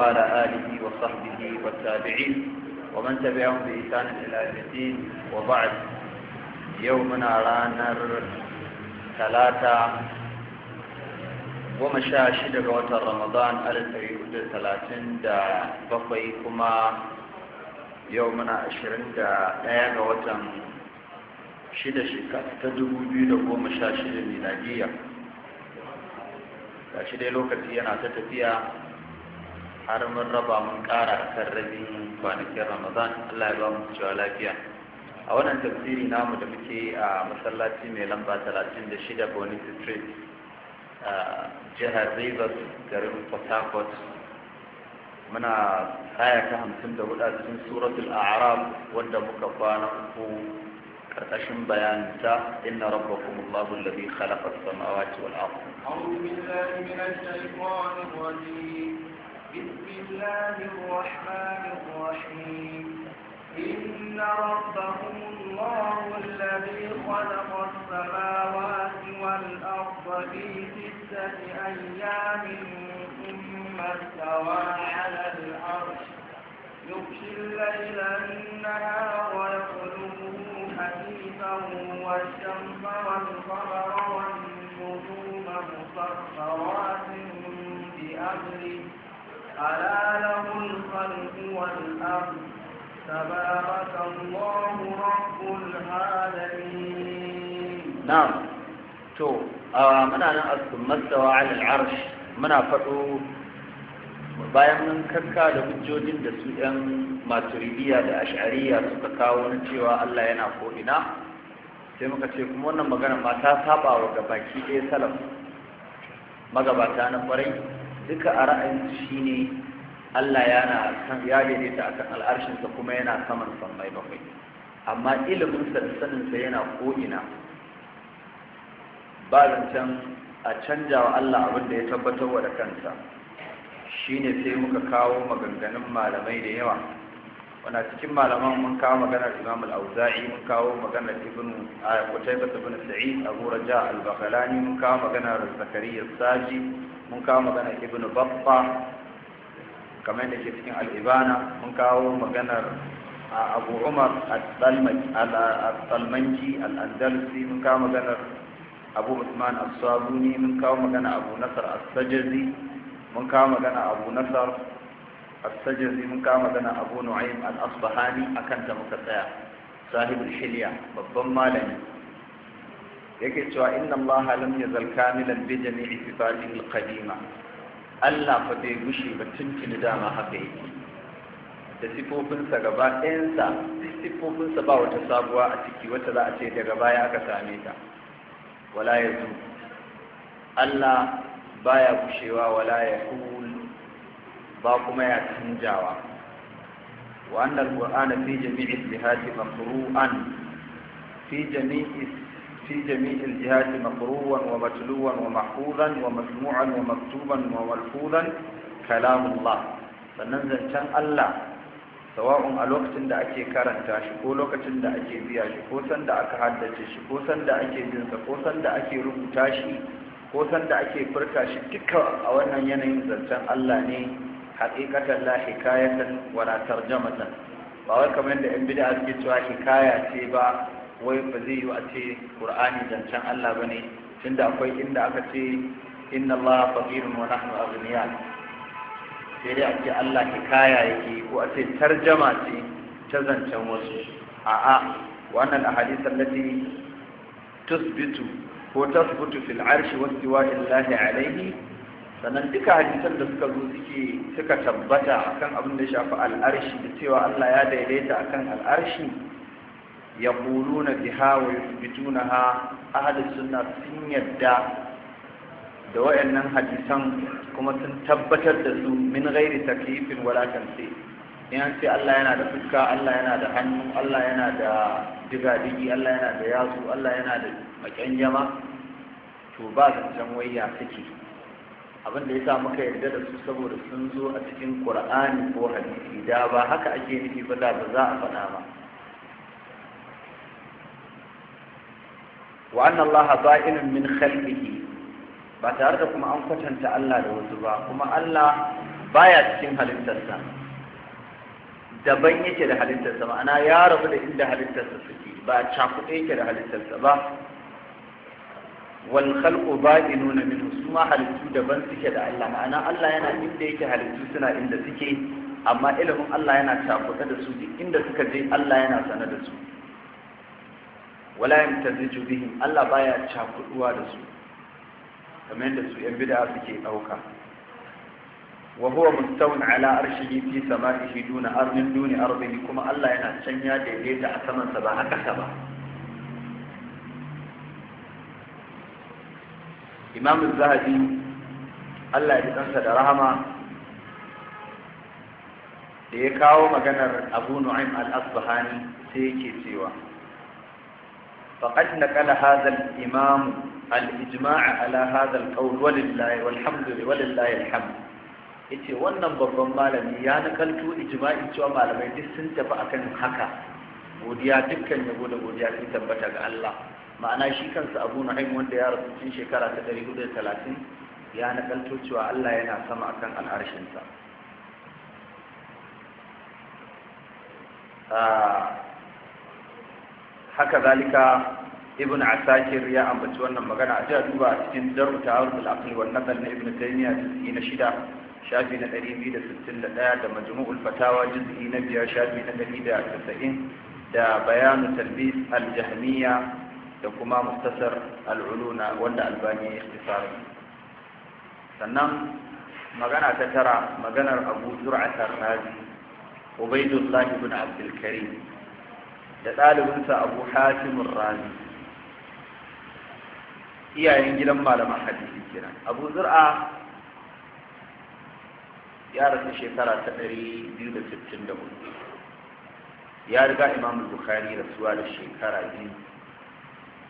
وعلى آله وصحبه والتابعين ومن تبعهم بإحسان إلى وبعد يومنا رانر ثلاثة goma sha shida ga watan ramadan alif ɗari da talatin da bakwai kuma yau muna ashirin da ɗaya ga watan shida shekara shida dai lokaci yana ta tafiya har mun raba mun kara kan rabin kwanakin ramadan allah ya ba mu cewa lafiya a wannan tafsiri namu da muke a masallaci mai lamba 36 bonny street jihar rivers garin port harcourt muna aya ta hamsin da hudu a cikin suratul a'raf wanda muka kwana uku karkashin bayanin ta inna rabbakum allahu alladhi khalaqa as-samawati wal ardh a'udhu billahi minash shaitanir rajim بسم الله الرحمن الرحيم إن ربكم الله الذي خلق السماوات والأرض في ستة أيام ثم استوى على العرش يغشي الليل النهار ويطلبه حديثا والشمس والقمر والنجوم مسخرات بأمره ألا له الخلق والأمر تبارك الله رب العالمين نعم تو muna nan asummastawa alal arsh muna faɗo bayan mun karka da hujjojin da su ‘yan maturidiya da ashariya suka kawo na cewa Allah yana ko'ina sai muka ce kuma wannan magana ma ta saba wa gabaki ɗaya salaf magabata na kwarai duka a ra'ayin shi ne Allah yana san ya daidaita ta akan al'arshinsa kuma yana saman sammai bakwai amma iliminsa da saninsa yana ko'ina ba zancen a canja wa Allah abin da ya tabbatar wa da kansa shi ne sai muka kawo maganganun malamai da yawa wana cikin malaman mun kawo maganar imam al-auza'i mun kawo maganar ibn qutayba ibn sa'id abu raja al-bakhalani mun kawo maganar zakariya saji mun kawo maganar ibn baffa kamar da ke cikin al'ibana mun kawo maganar abu umar al-salmanji al-andalusi mun kawo maganar abu usman al-sabuni mun kawo magana abu nasar al-sajazi mun kawo magana abu nasar al-sajazi mun kawo magana abu nu'aym al-asbahani akan ta muka tsaya sahibul shiliya babban malami yake cewa inna allaha lam yazal kamilan bi jami'i sifatihi alqadima Allah fa bai gushe ba tuntuni dama haka yake da sifofinsa gaba ɗayansa sifofinsa ba wata sabuwa a ciki wata za a ce daga baya aka same ta wala ya zu Allah baya gushewa wala ya hul ba kuma ya canjawa wa annal qur'ana fi jami'i sihati maqru'an fi jami'i في جميع الجهات مقروا ومتلوا ومحفوظا ومسموعا ومكتوبا وملفوظا كلام الله فننزل كان الله سواء الوقت دا ake karanta shi ko lokacin da ake biya ko san da aka haddace shi ko san da ake bin ko san da ake rubuta shi ko san da ake furta shi duka a wannan yanayin zancen Allah ne haqiqatan la hikayatan wa la tarjamatan ba wai kamar da ibn bid'a ke cewa hikaya ce ba wai ba zai yi a ce qur'ani zancen Allah ne tunda akwai inda aka ce inna Allah faqirun wa nahnu aghniya sai dai ake Allah Allah hikaya yake ko a ce tarjama ce ta zancen wasu a'a wannan ahadith allati tusbitu ko tasbutu fil arshi wa istiwa'i Allah sannan duka hadisan da suka zo suke suka tabbata akan abin da shafi al'arshi da cewa Allah ya daidaita akan al'arshi yaquluna biha wa na ahli sunna sun yadda da wayannan hadisan kuma sun tabbatar da su min ghairi takyifin wala tansi in an sai Allah yana da fuska Allah yana da hannu Allah yana da digadigi Allah yana da yatsu Allah yana da makyanjama to ba zancen wayya suke abin da ya sa muka yarda da su saboda sun zo a cikin qur'ani ko hadisi da ba haka ake nufi ba da ba za a faɗa ba wa anna allaha ba'inun min khalqihi ba tare da kuma an kwatanta Allah da wasu ba kuma Allah baya cikin halittarsa daban yake da halittarsa ma'ana ya rabu da inda halittarsa suke ba cakuɗe yake da halittarsa ba wal khalqu ba'inuna minhu suma halittu daban suke da Allah ma'ana Allah yana inda yake halittu suna inda suke amma ilimin Allah yana cakuɗe da su duk inda suka je Allah yana sane da su wala yamtaziju bihim Allah baya cakuduwa da su kamar yadda su yan bid'a suke ɗauka wa huwa mustawin ala arshihi fi sama'ihi duna ardin duni ardihi kuma Allah yana can ya daidaita a saman sa ba haka sa ba Imam zahabi Allah ya kansa da rahama da ya kawo maganar Abu Nu'im Al-Asbahani sai yake cewa فقد نقل هذا الإمام الإجماع على هذا القول ولله والحمد ولله الحمد yace wannan babban malami ya nakalto ijma'i cewa malamai duk sun tafi akan haka godiya dukkan yabo da godiya sun tabbata ga Allah ma'ana shi kansa Abu Nu'aym wanda ya rasu cikin shekara ta 430 ya nakalto cewa Allah yana sama akan al'arshinsa haka zalika ibn asakir ya ambaci wannan magana a jiya duba a cikin darbu ta harin al'aqli wa na ibn taymiya juz'i na shida shafi na ɗari biyu da sittin da ɗaya da majmu'ul fatawa juz'i na biyar shafi na ɗari da casa'in da bayanu talbis al da kuma mustasar al'uluna wanda albani ya fi ikhtisari sannan magana ta tara maganar abu zur'atar razi ubaidullahi ibn abdul da ɗalibinsa abu hatimun rami iyayen gidan malaman hadisi kiran abu zur'a ya rasu shekara ta ɗari biyu da sittin da ya riga imam bukhari rasuwa da shekara biyu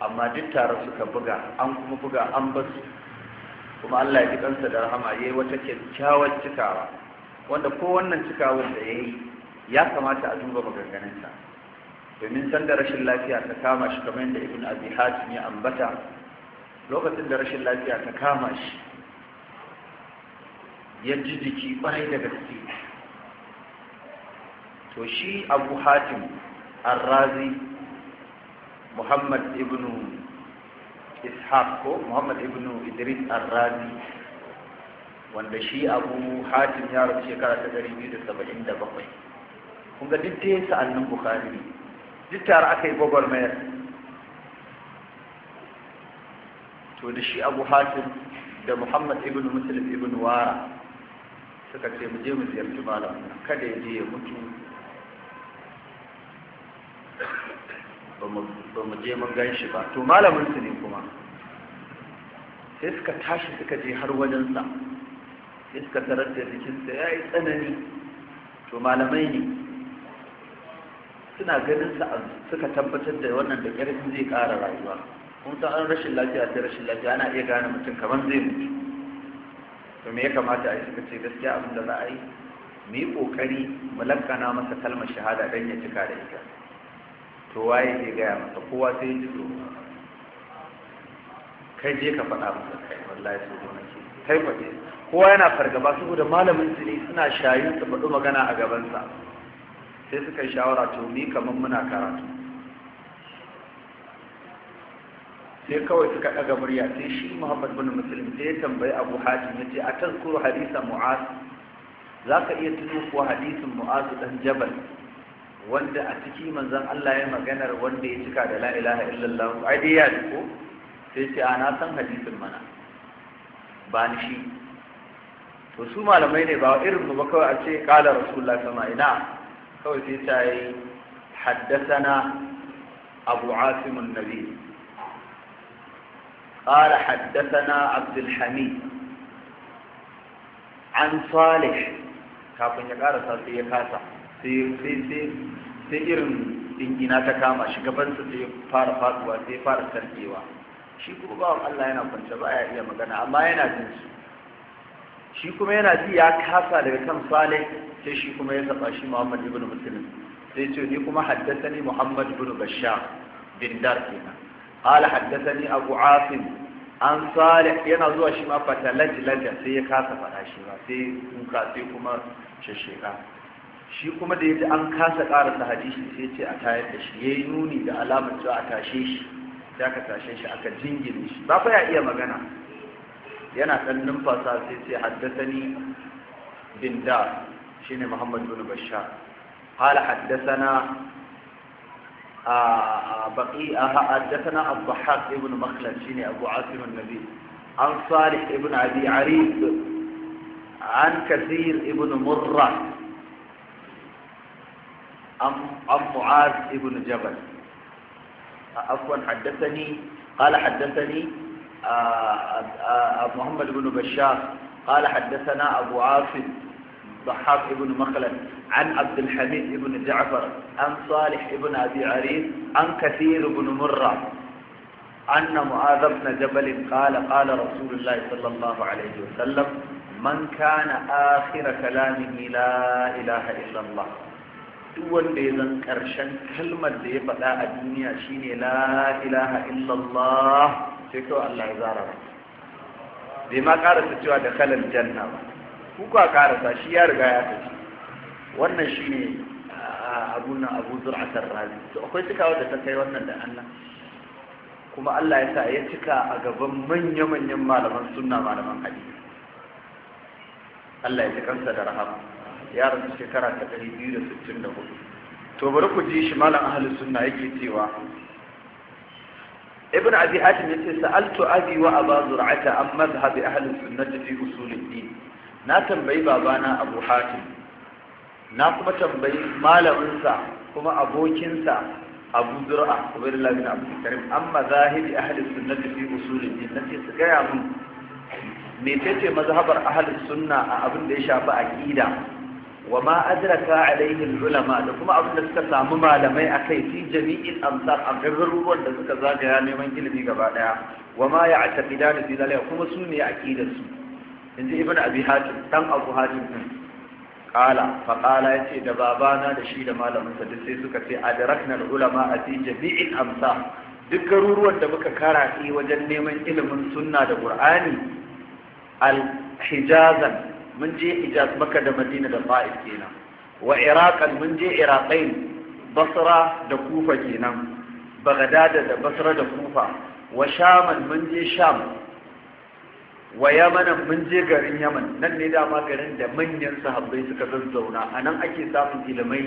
amma duk tare suka buga an kuma buga an basu kuma allah ya ji kansa da rahama ya yi wata kyakkyawar cikawa wanda ko wannan cikawar da ya yi ya kamata a duba maganganunsa domin sanda rashin lafiya ta kama shi kamar yadda ibn abi hatim ya ambata lokacin da rashin lafiya ta kama shi ya ji jiki bai da gaske to shi abu hatim arrazi muhammad ibn ishaq ko muhammad ibn idris arrazi wanda shi abu hatim ya rasu shekara ta 277 kun ga duk da sa'annin bukari duk tare aka yi gwagwarmayar to da shi abu hatim da muhammad ibn muslim ibn wara suka ce mu je mu ziyarci malam kada ya je ya mutu ba mu je mun gan shi ba to malamin su ne kuma sai suka tashi suka je har wajensa sai suka tarar da jikinsa ya yi tsanani to malamai ne suna ganin sa suka tabbatar da wannan da ƙarfin zai ƙara rayuwa kun ta an rashin lafiya sai rashin lafiya ana iya gane mutum kamar zai mutu to me ya kamata a yi suka ce gaskiya abin da za a yi mu yi ƙoƙari mu lakana masa kalmar shahada don ya cika da ita to waye zai gaya masa kowa sai ya ji tsoro kai je ka faɗa masa kai wallahi su zo nake kai faɗe kowa yana fargaba saboda malamin su ne suna shayin su faɗi magana a gabansa sai suka yi shawara to ni kamar muna karatu sai kawai suka ɗaga murya sai shi muhammad bin muslim sai ya tambayi abu hatim ya ce a tazkuru hadisa mu'az za ka iya tuno kuwa hadisin mu'az dan jabal wanda a ciki manzon Allah ya maganar wanda ya cika da la ilaha illallah ai dai ya ko sai ce a na san hadisin mana ba ni shi to su malamai ne ba irin mu ba kawai a ce qala rasulullahi sama ina kawai sai ta yi haddasana abu asimun nabi قال حدثنا عبد الحميد عن صالح kafin ya karasa sai ya kasa sai irin dingina ta kama shi gabansa sai fara faduwa sai ya fara sarkewa shi kuma bawan Allah yana kwance ba ya iya magana amma yana jin su shi kuma yana ji ya kasa daga kan salih sai shi kuma ya zaba shi muhammad ibn muslim sai ce ni kuma haddathani muhammad ibn bashar bin dar kenan Haddasa haddathani abu asim an salih yana zuwa shi ma fatalajlaja sai ya kasa fara shi ba sai kuka sai kuma shasheka shi kuma da yaji an kasa karanta hadisi sai ce a tayar da shi yayi nuni da alamar cewa a tashe shi sai aka tashe shi aka jingine shi ba fa ya iya magana yana ɗan numfasa sai sai haddasani bin da shi ne muhammad bin bashar hala haddasana a baƙi a haddasana abu haƙ ibn makhlad shi ne abu asimin nabi an salih ibn abi arif an kasir ibn murra عن معاذ بن جبل عفوا حدثني قال حدثني محمد بن بشار قال حدثنا أبو عاصم ضحاك بن مخلد عن عبد الحميد بن جعفر عن صالح بن أبي عريض عن كثير بن مرة أن معاذ بن جبل قال قال رسول الله صلى الله عليه وسلم من كان آخر كلامه لا إله إلا الله دول ليزن كرشن كلمة دي فلا الدنيا شيني لا إله إلا الله sai kawai Allah ya zara ba bai ma karasa cewa da kalan janna ba kuka karasa shi ya riga ya tafi wannan shi ne abun nan abu zur'atar razi to akwai cika da ta kai wannan da Allah kuma Allah ya sa ya cika a gaban manya-manyan malaman sunna malaman hadisi Allah ya ji kansa da rahama ya rasu shekara ta 264 to bari ku ji shi malam ahlus sunna yake cewa ibn abi hatim yace sa'altu abi wa aba zur'ata an madhhab ahli fi usul din na tambayi babana abu hatim na kuma tambayi malamin sa kuma abokin sa abu zur'a bin karim ahli fi usul din nace su gaya mun me tace mazhabar ahli sunna a abin da ya shafi aqida wa ma adraka ulama da kuma abin da suka samu malamai akai fi jami'in amsar a garuruwan da suka zagaya neman ilimi gaba daya wa ma ya'taqidani fi zalika kuma su ne aqidar su inji ibnu abi hatim dan abu hatim din qala fa qala yace da babana da shi da malamin sa duk sai suka ce adrakna ulama a fi jami'in amsar duk garuruwan da muka karaɗe wajen neman ilimin sunna da qur'ani al hijazan mun je hijaz maka da madina da fa'id kenan wa iraqan mun je iraqain basra da kufa kenan bagdada da basra da kufa wa shaman mun je sham wa yamanan mun je garin yaman nan ne dama garin da manyan sahabbai suka zazzauna a nan ake samun ilimai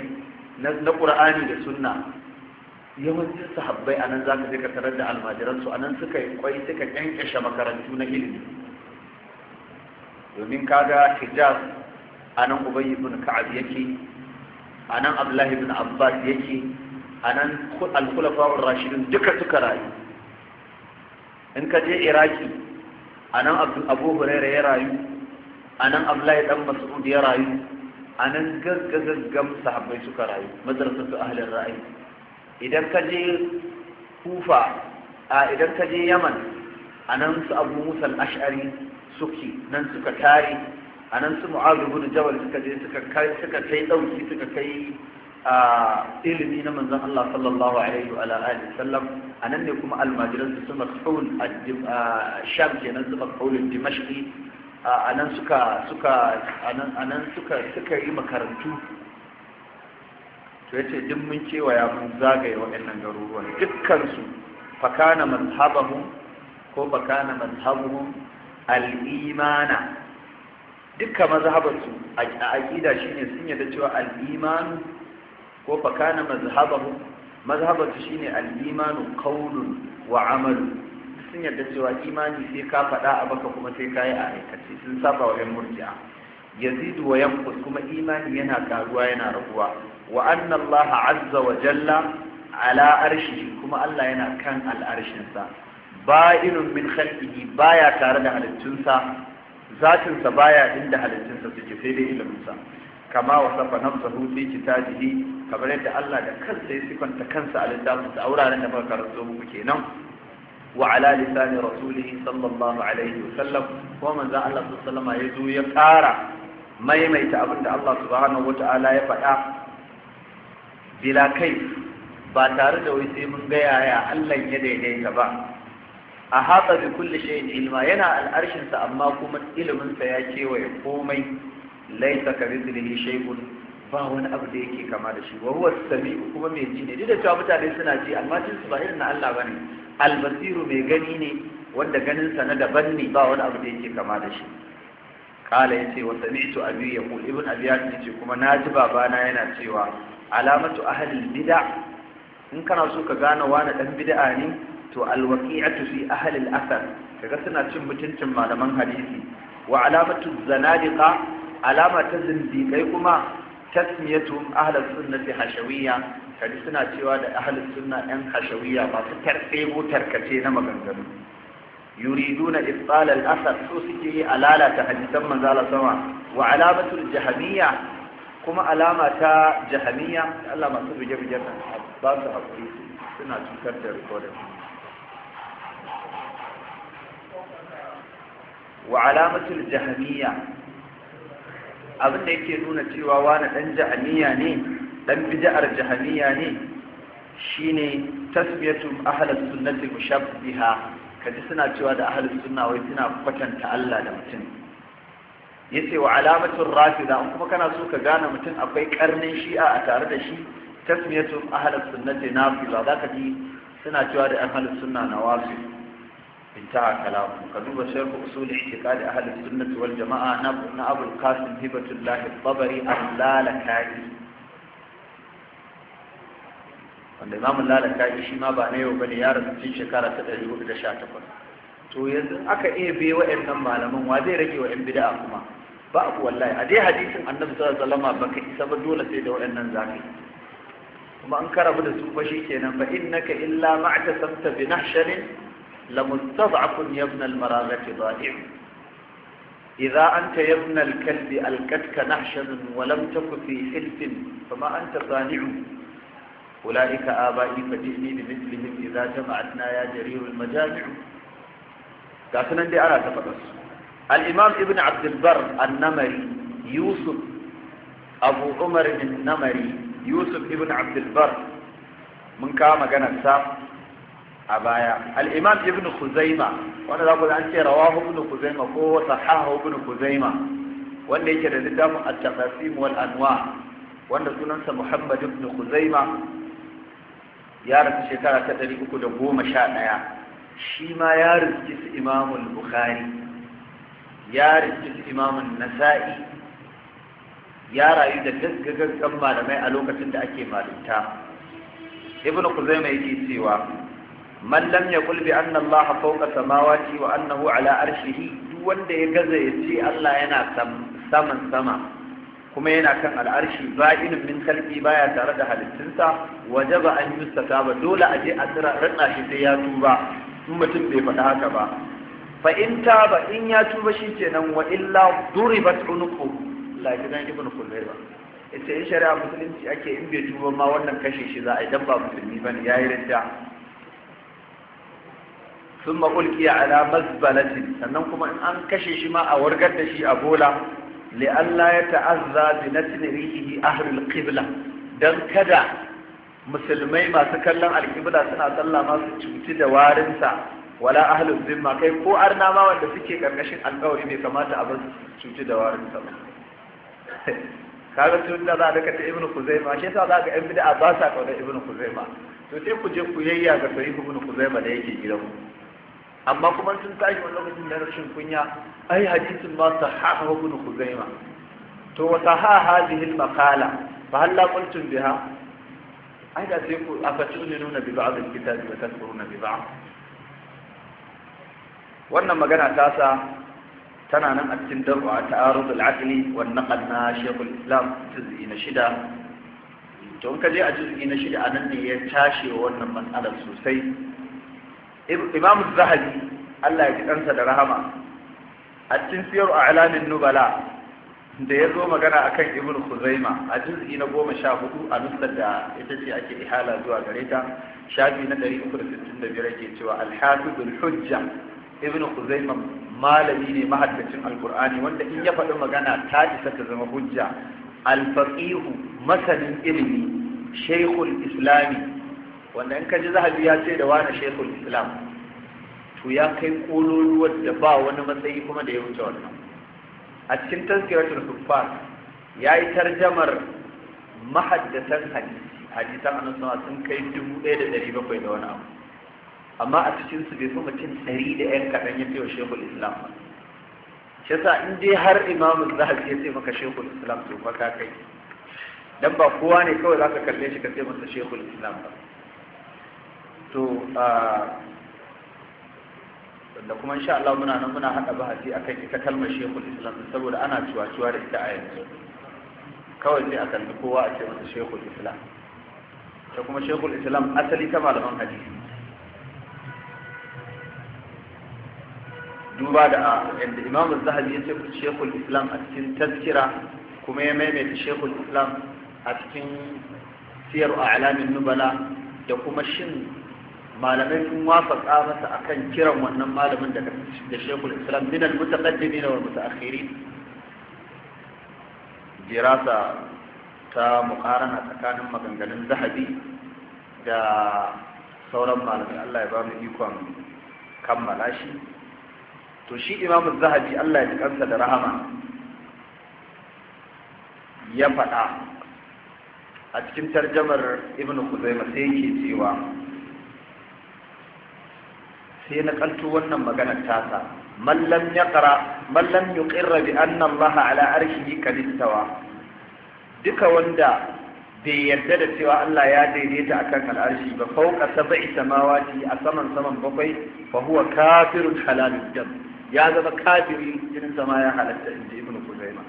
na ƙur'ani da sunna yawancin sahabbai a nan za ka je ka tarar da almajiransu a nan suka yi kwai suka kyankyashe makarantu na ilimi domin kaga hijab a nan ubayi ibn ka'ab yake a nan abdullahi ibn abbas yake a nan alkulafa'ur rashidun duka suka rayu in ka je iraki a nan abu hurera ya rayu a nan abdullahi dan mas'ud ya rayu a nan gaggagaggam sahabbai suka rayu su ahalin ra'ayi idan ka je kufa a idan ka je yaman a nan su abu musa ashari suki nan suka tare a nan su mu'azu bin jabal suka je suka kai suka kai dauki suka kai a ilimi na manzon Allah sallallahu alaihi wa alihi sallam anan ne kuma almajiran su mas'ul sham kenan su mas'ul dimashqi anan suka suka anan suka suka yi makarantu to yace duk mun kewaya mun zagaye waɗannan garuruwan dukkan su fakana mazhabahum ko fakana mazhabuhum al'imana dukkan mazhabarsu a aƙida shine sun yarda cewa al'imanu ko fakana mazhabahu mazhabarsu shine al'imanu qaulun wa amalu sun yarda cewa imani sai ka faɗa a baka kuma sai ka yi a aikace sun saba wa yan murji'a yazidu wa yanqus kuma imani yana karuwa yana raguwa wa anna Allah azza wa jalla ala arshi kuma Allah yana kan al'arshinsa ba'inun min khalqihi baya tare da halittunsa zatinsa baya inda halittunsa suke sai dai iliminsa kama wasafa nafsahu fi kitabihi kamar yadda Allah da kansa ya sifanta kansa a littafin sa wuraren da muka karanto muku kenan wa ala lisani rasulih sallallahu alaihi wa sallam ko manzo Allah sallallahu alaihi wa ya ƙara maimaita abin da Allah subhanahu wa ta'ala ya faɗa bila kai ba tare da wai sai mun ga yaya Allah ya daidaita ba a haɗa bi kulle shayin ilma yana al'arshinsa amma kuma iliminsa ya kewaye komai laisa ka mithlihi shaikun ba wani abu da yake kama da shi wa huwa sami'u kuma mai ji ne duk da cewa mutane suna ji amma cin su ba irin na Allah bane albasiru mai gani ne wanda ganin sa na daban ne ba wani abu da yake kama da shi qala yace wa sami'tu abi yaqul ibn abiyat yace kuma naji babana yana cewa alamatu ahli bid'a in kana so ka gane wani dan bid'a ne to alwaki'atu fi ahli al-athar kaga suna cin mutuncin malaman hadisi wa alamatu zanadiqa alama ta zindiqai kuma tasmiyatu ahli sunnati hashawiyya kaga suna cewa da ahli sunna yan hashawiyya ba su tarkace na maganganu yuriduna ibtal al-athar su suke yi alala hadisan manzala sama wa alamatu kuma alama ta jahmiyya Allah masu bige bige ba su hakuri suna cutar da recording wa alamatul jahamiya abin da yake nuna cewa wani dan jahamiya ne dan bid'ar jahmiya ne shine tasmiyatu ahlus sunnati mushabbiha kaji suna cewa da ahlus sunna wai suna kwatanta Allah da mutum yace wa alamatul rafida kuma kana so ka gane mutum akwai karnin shi'a a tare da shi tasmiyatu ahlus sunnati nafila zaka ji suna cewa da ahlus sunna nawasu انتهى كلامه كذوب شرح أصول اعتقاد أهل السنة والجماعة نبنا أبو القاسم هبة الله الطبري اللالكائي wanda imamun lalata shi ma ba na yau bane ya rasu cin shekara ta ɗari da sha takwas to yanzu aka iya bai biye wa'annan malaman wa zai rage wa wa'yan bida'a kuma ba ku wallahi a dai hadisin annabi sallallahu alaihi baka isa ba dole sai da wa'annan zakai kuma an karabu da su fa shikenan fa innaka illa ma'tasamta bi nahsharin لمستضعف يا ابن المراغة ضائع إذا أنت يا ابن الكلب ألكتك نحشد ولم تك في حلف فما أنت صانع أولئك آبائي فجئني بمثلهم إذا جمعتنا يا جرير المجامع كاسنا دي أنا تفرس الإمام ابن عبد البر النمري يوسف أبو عمر النمري يوسف ابن عبد البر من كام جنسا a baya al-imam ibn Kuzaima wanda za ku an ce rawahu ibn khuzaima ko sahahu ibn khuzaima wanda yake da littafin at-taqasim wal anwa wanda sunansa muhammad ibn khuzaima ya rasu shekara ta 311 shi ma ya riski su imam al-bukhari ya riski su imam an-nasa'i ya rayu da gaggagaggan malamai a lokacin da ake malunta ibn khuzaima yake cewa man lam yaqul bi anna Allah fawqa samawati wa annahu ala arshihi duk wanda ya gaza ya ce Allah yana saman sama kuma yana kan al'arshi ba'inun min kalbi baya tare da halittunsa wajaba an yusata ba dole a je a tsira rana shi sai ya tuba in mutum bai faɗa haka ba fa in taba in ya tuba shi kenan wa illa duribat unuqu la kidan ibn ba. ita in shari'a musulunci ake in bai tuba ma wannan kashe shi za a idan ba musulmi bane yayi rinta. sun a ala mazbalatin sannan kuma an kashe shi ma a wargar da shi a bola laalla ya ta'azza bi natin rihi ahlul qibla dan kada musulmai masu kallon alƙibla suna sallah masu su cuti da warinsa wala ahlul zimma kai ko arna ma wanda suke ƙarƙashin alƙawari ne kamata a bar cuti da warinsa ba kaga da za a daga ta Ibn kuzaima shi yasa za ga yan bid'a ba sa kaudar Ibn kuzaima to sai ku je ku yayya ga sahihu kuzaima da yake gidan amma kuma sun tashi wani lokacin da rashin kunya ai hadisin ma sahaha ibn khuzaima to wa sahaha hadhihi al maqala fa hal la qultum biha ai da sai ku afatu'minuna bi ba'd al kitabi wa tadkuruna bi ba'd wannan magana ta sa tana nan a cikin daru ta ta'arud al-aqli wa naqal na shaykhul islam juz'i na shida to in ka je a juz'i na shida a nan ne ya tashi wannan matsalar sosai imamu zahabi Allah ya ji ɗansa da rahama a cikin siyar alamin nubala da ya zo magana a kan ibn Kuzaima. a juz'i na goma sha hudu a nusar da ita ce ake ihala zuwa gare ta shafi na ɗari uku da sittin da biyar ke cewa alhafizul hujja ibn Kuzaima malami ne mahaddacin alkur'ani wanda in ya faɗi magana ta isa ta zama hujja alfaqihu masanin ilimi shaykhul islami wanda in ka ji zahabi ya ce da wani shekul islam to ya kai kololuwar da ba wani matsayi kuma da ya wuce wannan a cikin tazkiratul kuffar ya yi tarjamar mahaddatan hadisi hadisan annabawa sun kai dubu ɗaya da ɗari bakwai da wani abu amma a cikin su bai fi mutum ɗari da ƴan kaɗan ya fiye shekul islam ba shi yasa in dai har imamu zahabi ya ce maka shekul islam to fa ka kai dan ba kowa ne kawai zaka kalle shi ka ce masa shekul islam ba to uh, da kuma insha Allah muna nan muna hada bahasi akan ita kalmar Sheikhul Islam saboda ana ciwa-ciwa da ita a yanzu kawai sai a kalli kowa a ce masa Sheikhul Islam ta kuma Sheikhul Islam asali ta malaman hadisi duba da uh, yadda Imam Zahabi ya ce Sheikhul Islam a cikin taskira, kuma ya maimaita Sheikhul Islam a cikin siyar a a'lamin nubala da kuma shin malamai sun wafaka masa akan kiran wannan malamin daga da shekul islam min al mutaqaddimin wal mutaakhirin dirasa ta muqarana tsakanin maganganun zahabi da sauran malamai Allah ya ba mu ikon kammala shi to shi imam zahabi Allah ya kansa da rahama ya faɗa a cikin tarjamar ibn Khuzaimah sai yake cewa sai na kanto wannan maganar tasa mallam ya kara mallam ya kirra bi Allah ala arshihi duka wanda bai yarda da cewa Allah ya daidaita akan al'arshi ba fauka sab'i samawati a saman saman bakwai fa huwa kafirun halalud dam ya zama kafiri jinin sama ya halatta inji ibnu kuzaima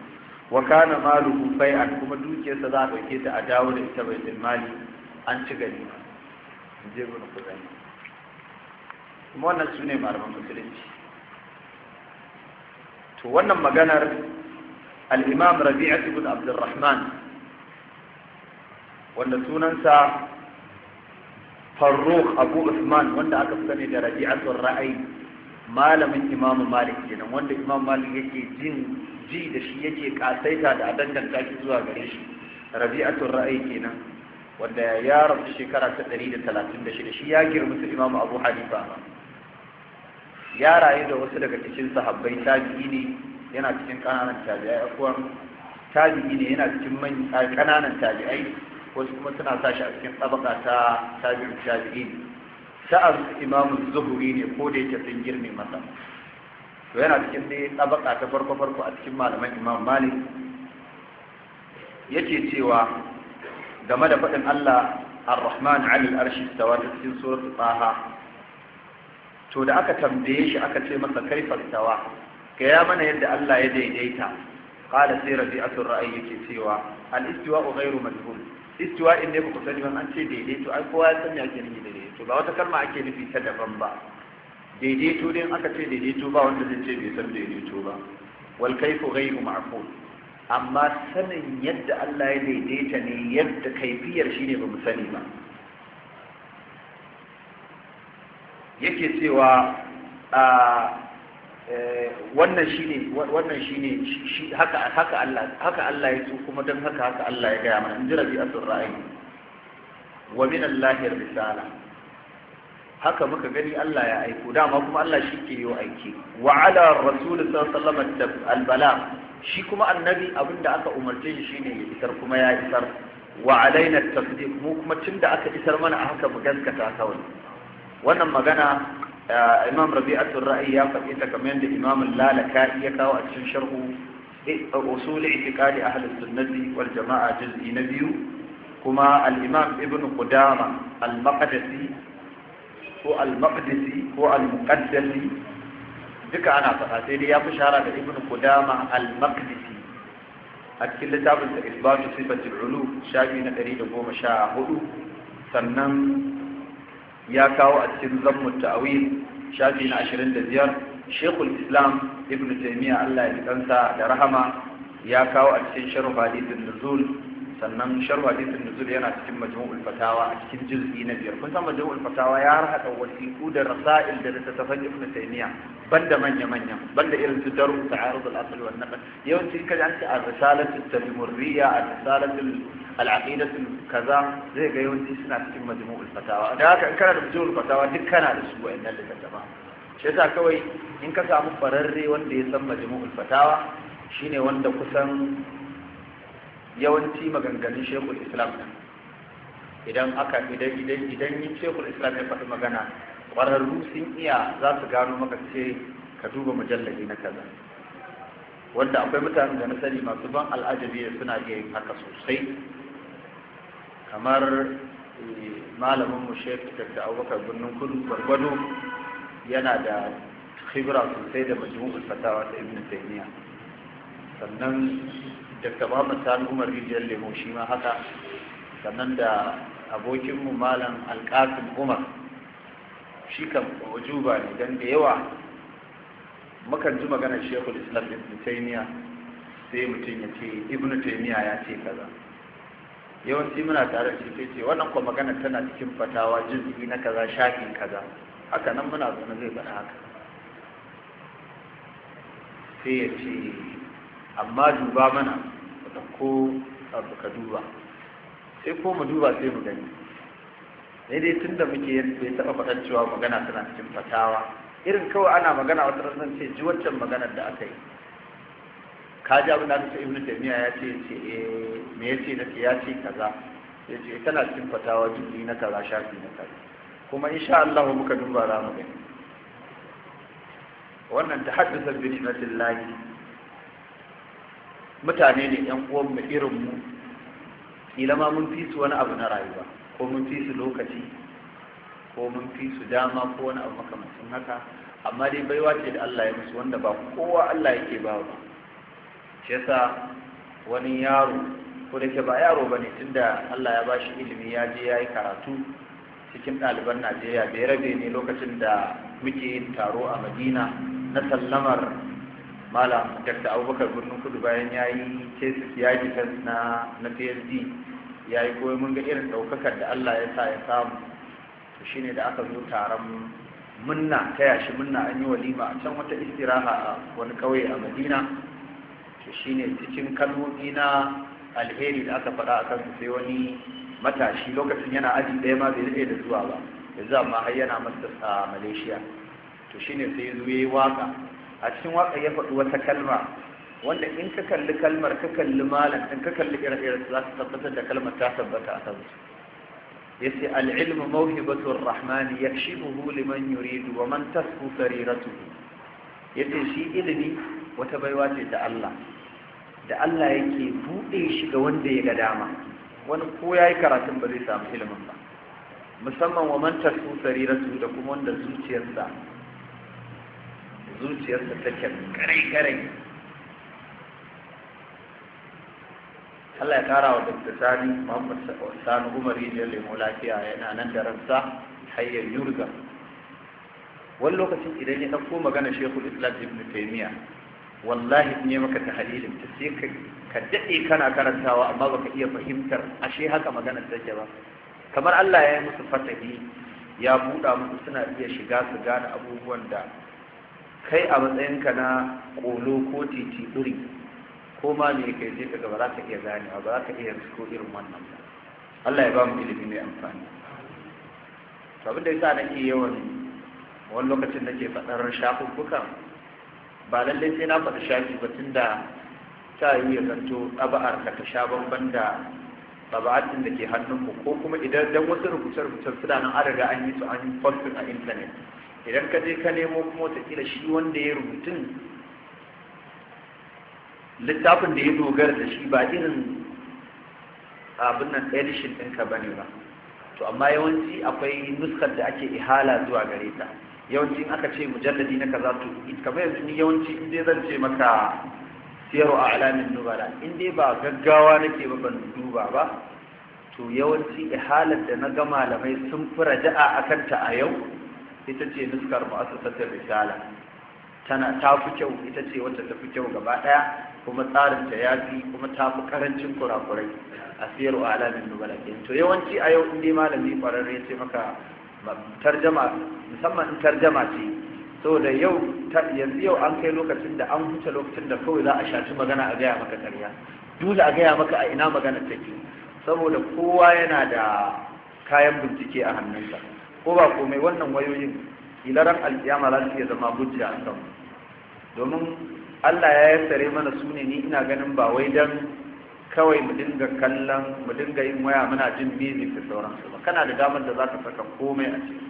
wa kana maluhu bai'an kuma dukiyarsa za a dauke ta a dawo da ita baitul mali an ci gani inji ibnu kuzaima kuma wannan su ne malaman musulunci to wannan maganar al'imam rabi'a ibn abdurrahman wanda sunansa farruk abu usman wanda aka fi sani da rabi'atun ra'ayi malamin imam malik kenan wanda imam malik yake jin ji da shi yake kasaita da a danganta shi zuwa gare shi rabi'atun ra'ayi kenan wanda ya rabu shekara ta 136 shi ya girmisa su imam abu hanifa ya rayu da wasu daga cikin sahabbai tabi'i ne yana cikin kananan tabi'ai akwai tabi'i ne yana cikin manyan kananan tabi'ai wasu kuma suna sa shi a cikin tabaka ta tabi'in tabi'in sha'ar imamu zuhuri ne ko da yake sun girme masa to yana cikin dai tabaka ta farko farko a cikin malaman imam malik yake cewa game da faɗin allah ar-rahman alil arshi tawa cikin suratul taha to da aka tambaye shi aka ce masa kai fartawa gaya mana yadda Allah ya daidaita qala sai rabi'atul ra'ayi yake cewa al istiwa'u ghairu majhul istiwa in ne ku sani an ce daidaito ai kowa ya san me ake nufi daidaito ba wata kalma ake nufi ta daban ba daidaito din aka ce daidaito ba wanda zai ce bai san daidaito ba wal kayfu ghairu ma'qul amma sanin yadda Allah ya daidaita ne yadda kaifiyar ne ba mu sani ba yake cewa wannan shine wannan shi ne haka Allah haka Allah ya so kuma dan haka haka Allah ya gaya mana in jira bi sun ra'ayi wa min Allah risala haka muka gani Allah ya aiko dama kuma Allah shi ke yi aiki wa ala rasul sallallahu alaihi wasallam albala shi kuma annabi abinda aka umarce shi shine ya isar kuma ya isar wa alaina tasdiq mu kuma tunda aka isar mana a haka mu gaskata kawai wannan magana eh, imam rabi'atul ra'ayi ya faɗi ta kamar yadda imam lalaka ya kawo a cikin sharhu eh, usul i'tiqadi ahli sunnati wal jama'a juz'i na biyu kuma al-imam ibn qudama al-maqdisi ko al-maqdisi ko al-muqaddasi duka ana faɗa sai dai ya fi shahara da ibn qudama al-maqdisi a cikin littafin da isbatu sifatul ulu shafi na 114 sannan ya kawo a cikin zammu ta'awil shafi na 25 shekul islam ibn taimiyya allah ya kansa da rahama ya kawo a cikin sharh hadithin nuzul sannan sharh hadisin nuzul yana cikin majmu'ul fatawa a cikin juz'i na biyar kun san majmu'ul fatawa ya hada wasiqu da rasail da littattafan ibn taymiya banda manya manya banda irin su daru ta'arud al-asl wal naqd yawanci kaji an ce ar-risalatu at-tamurriya ar-risalatu al-aqidatu kaza zai ga yawanci suna cikin majmu'ul fatawa da haka in kana da majmu'ul fatawa duk kana da su wa'annan littattafan shi yasa kawai in ka samu fararre wanda ya san majmu'ul fatawa shine wanda kusan yawanci maganganun shekul islam idan aka idan idan idan yin shekul islam ya faɗi magana ƙwararru sun iya za su gano maka ce ka duba mujallabi na kaza wanda akwai mutanen da na sani masu ban al'ajabi suna iya yin haka sosai kamar eh, malamin mu shek da abubakar birnin kudu gwargwado yana da khibra sosai da majmu'ul fatawa ta ibn taymiya sannan dr babu sani umar rijiyar lemo shi ma haka sannan da abokinmu malam alƙafin umar shi kan wajuba ne don da yawa Makan ji maganar shekul islam ibn taymiya sai mutum ya ce ibn taymiya ya ce kaza yawanci muna tare da shi ce wannan kuma magana tana cikin fatawa juz'i na kaza shafin kaza haka nan muna zaune zai faɗa haka sai ya ce amma duba mana ko abu ka duba sai ko mu duba sai mu gani ne dai tun da muke bai taɓa faɗar cewa magana tana cikin fatawa irin kawai ana magana wata rasan ce ji waccan maganar da aka yi ka ji abin da aka ce ibnu taymiya ya ce ce eh me ce nake ya ce kaza ya ce eh, tana cikin fatawa jiki na kaza shafi na kaza kuma insha Allah muka duba za mu gani wannan ta haddasa bi ni'matillahi mutane ne yan uwan mu irin mu kila ma mun fi su wani abu na rayuwa ko mun fi su lokaci ko mun fi su dama ko wani abu makamancin haka amma dai baiwa ce da Allah ya musu wanda ba kowa Allah yake ba ba shi yasa wani yaro ko da ke ba yaro bane tunda Allah ya bashi ilimi ya je yayi karatu cikin ɗaliban Najeriya da ya rabe ne lokacin da muke yin taro a Madina na sallamar malam dr abubakar birnin kudu bayan ya yi cases ya na na psd ya yi koyi mun ga irin ɗaukakar da allah ya sa ya samu to shi da aka zo taron munna ta yashi munna an yi walima a can wata istiraha a wani ƙauye a madina to shi ne cikin kalmomi na alheri da aka faɗa a kan sai wani matashi lokacin yana aji ɗaya ma bai daɗe da zuwa ba yanzu amma har yana masa a malaysia to shi ne sai zuwa ya yi waka a cikin waka ya faɗi wata kalma wanda in ka kalli kalmar ka kalli malam in ka kalli ire-iren za su tabbatar da kalmar ta tabbata a tabbata ya ce al'ilmu mawhibatun rahmani ya shi buhu liman yuridu wa man tasku sariratu ya ce shi ilimi wata baiwa ce da Allah da Allah yake buɗe shi ga wanda ya ga dama wani ko ya yi karatun ba zai samu ilimin ba musamman wa man tasku sariratu da kuma wanda zuciyarsa zuciyarsa take karai-karai. Allah ya kara wa Dr. Sani Muhammad Sani Umar Lemo Lafiya yana nan da ransa hayyar yurga wani lokacin idan ya ɗauko magana shehu Islam Ibn Taymiyyah wallahi ne maka ta halilin ta sai ka daɗe kana karantawa amma baka iya fahimtar ashe haka magana take ba kamar Allah ya yi musu fatahi ya buɗa musu suna iya shiga su gane abubuwan da kai a matsayinka na kolo ko titi ɗuri ko ma ne kai je ka ba za ka iya ganewa ba za ka iya ko irin wannan ba Allah ya ba mu ilimi mai amfani To abin da yasa nake yawan wani lokacin nake faɗar shafuffuka ba lallai sai na faɗi shafi ba tunda ta yi ya zanto ɗaba'ar ka ta sha bamban da ɗaba'atin da ke hannunmu ko kuma idan dan wasu rubuce-rubucen suna nan an riga an yi su an yi a intanet idan ka je ka nemo kuma watakila shi wanda ya rubutun littafin da ya dogara da shi ba irin abin nan edishin ɗinka ba ne ba to amma yawanci akwai nuskar da ake ihala zuwa gare ta yawanci aka ce mujalladi na kaza to kamar yanzu ni yawanci inda zan ce maka siyarwa a alamin nubala in dai ba gaggawa nake ba ban duba ba to yawanci ihalar da na ga malamai sun fi raja'a a kanta a yau ita ce nuskar mu'assasatar risala tana ta fi kyau ita ce wata ta fi kyau gaba ɗaya kuma tsarin ta ya fi kuma ta fi karancin kurakurai a siyar wa alamin nubala to yawanci a yau inda malami kwararre ce maka tarjama musamman in tarjama ce saboda yau yanzu yau an kai lokacin da an huce lokacin da kawai za a shaci magana a gaya maka karya dole a gaya maka a ina magana take saboda kowa yana da kayan bincike a hannunsa ko ba komai wannan wayoyin ilaran alkiyama za su iya zama hujja a kan domin Allah ya yassare mana su ne ni ina ganin ba wai dan kawai mu dinga kallon mu dinga yin waya muna jin music da sauransu ba kana da damar da za ka saka komai a ciki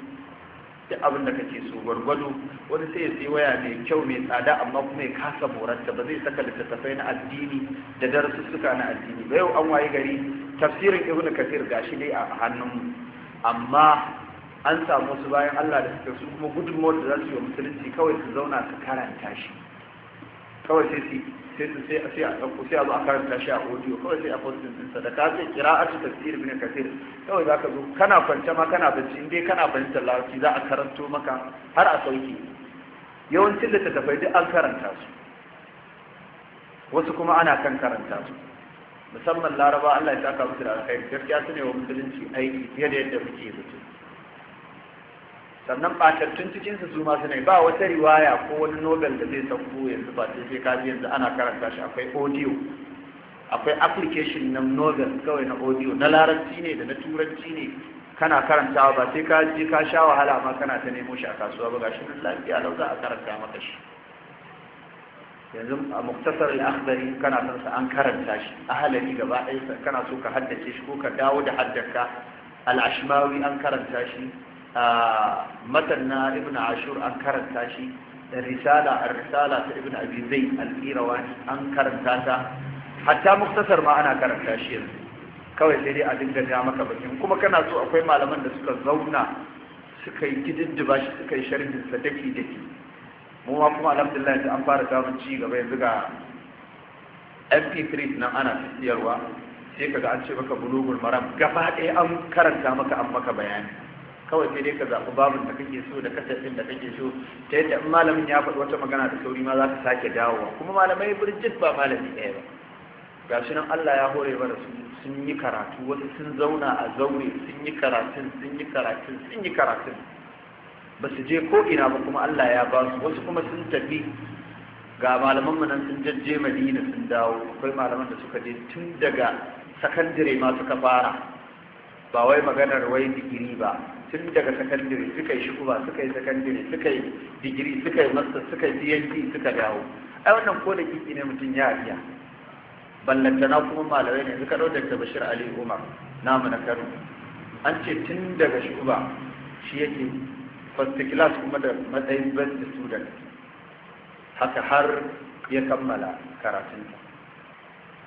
duk abin da kake so gwargwado wani sai ya sai waya mai kyau mai tsada amma kuma ya kasa morarta ba zai saka littattafai na addini da darussuka na addini ba yau an wayi gari tafsirin ibn kasir gashi dai a hannunmu amma an samu su bayan Allah da suke su kuma gudunmawar da za su yi wa musulunci kawai su zauna su karanta shi kawai sai su sai su sai sai a ɗauko sai a zo a karanta shi a audio kawai sai a postin ɗinsa da ka ce cikin tasiri bin kasir kawai za ka zo kana kwance ma kana bacci in dai kana fahimtar larabci za a karanto maka har a sauki yawancin da tafai duk an karanta su wasu kuma ana kan karanta su musamman laraba Allah ya saka musu da alkhairi gaskiya su ne wa musulunci aiki fiye da yadda muke zato sannan batattun cikin su ma suna ba wata riwaya ko wani nobel da zai sauko yanzu ba sai ka yanzu ana karanta shi akwai audio akwai application na nobel kawai na audio na larabci ne da na turanci ne kana karantawa ba sai ka ka sha wahala ma kana ta nemo shi a kasuwa ba gashi nan lafiya lau za a karanta maka shi yanzu a muktasar al kana san sa an karanta shi a halari gaba ɗaya kana so ka haddace shi ko ka dawo da haddaka al-ashmawi an karanta shi matan na ibn ashur an karanta shi Da risala a risala ta ibn abi zayd an karanta ta hatta muktasar ma ana karanta shi yanzu kawai sai dai a dinga ja maka bakin kuma kana so akwai malaman da suka zauna suka yi kididdiba shi suka yi sharhin sa daki daki mu ma kuma alhamdulillah yanzu an fara samun ci gaba yanzu ga mp3 nan ana siyarwa sai kaga an ce maka bulugul maram gaba ɗaya an karanta maka an maka bayani kawai sai dai ka zaɓi babin da kake so da kasafin da kake so ta yadda in malamin ya faɗi wata magana da sauri ma za ka sake dawowa kuma malamai birjit ba malami ɗaya ba ga shi nan Allah ya hore mana sun yi karatu wasu sun zauna a zaure sun yi karatun sun yi karatun sun yi karatun ba su je ko ina ba kuma Allah ya ba su wasu kuma sun tafi ga malaman mu nan sun jajje Madina sun dawo akwai malaman da suka je tun daga sakandire ma suka fara ba wai maganar wai digiri ba tun daga sakandire suka yi shukuba suka yi sakandire suka yi digiri suka yi master suka yi phd suka dawo ai wannan ko da kiki ne mutum ya iya ballantana kuma malamai ne suka ɗaukar da bashir ali umar namu na kano an ce tun daga shuba shi yake first class kuma da matsayin best student haka har ya kammala karatunsa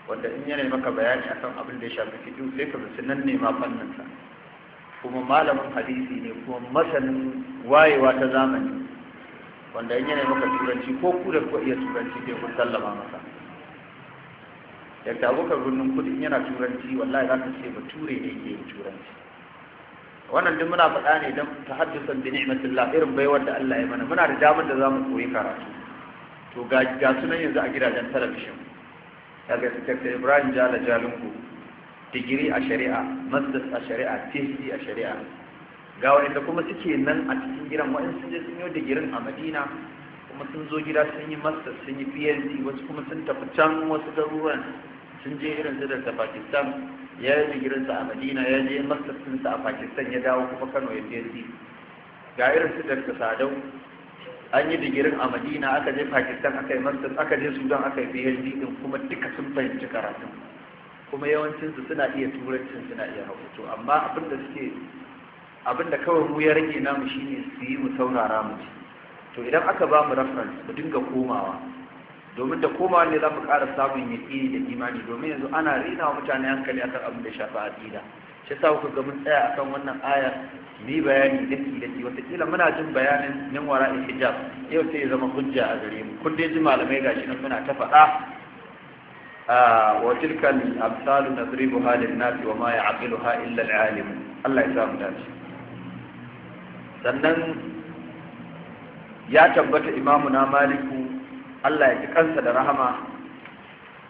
wanda in yana maka bayani akan abin da ya shafi fitu sai ka bisu nan ne ma fanninsa kuma malamin hadisi ne kuma masanin wayewa ta zamani wanda in yana maka turanci ko ku da ku iya turanci ke kun sallama masa yadda abokan birnin kudu in yana turanci wallahi za ka ce ba ture ne ke turanci wannan duk muna faɗa ne don ta haddusan da ni'matillah irin baiwar da Allah ya mana muna da damar da za mu koyi karatu to ga sunan yanzu a gidajen talabishin daga Dr. Ibrahim Jala Jalingo digiri a shari'a masters a shari'a phd a shari'a ga wanda kuma suke nan a cikin gidan wa'in sun je sun yi digirin a madina kuma sun zo gida sun yi masters sun yi phd wasu kuma sun tafi can wasu garuruwan sun je irin su da pakistan ya yi digirinsa a madina ya je masters sun ɗinsa a pakistan ya dawo kuma kano ya phd ga irin su da sadau an yi digirin a madina aka je pakistan aka yi masters aka je sudan aka yi phd din kuma duka sun fahimci karatun kuma yawancinsu suna iya turancin suna iya hausa to amma abin suke abin kawai mu ya rage namu shine su yi mu saurara mu ci to idan aka ba mu reference mu dinga komawa domin da komawa ne za mu ƙara samun yaƙini da imani domin yanzu ana rina mutane hankali akan abin da shafa aƙida shi sa kuka ga mun tsaya akan wannan aya ni bayani daki daki wataƙila muna jin bayanin min wara hijab yau sai ya zama hujja a gare mu kun dai ji malamai gashi nan suna ta faɗa وتلك الأمثال نضربها للناس وما يعقلها إلا العالم الله يسامح dace sannan ya tabbata imamu na maliku Allah ya ji kansa da rahama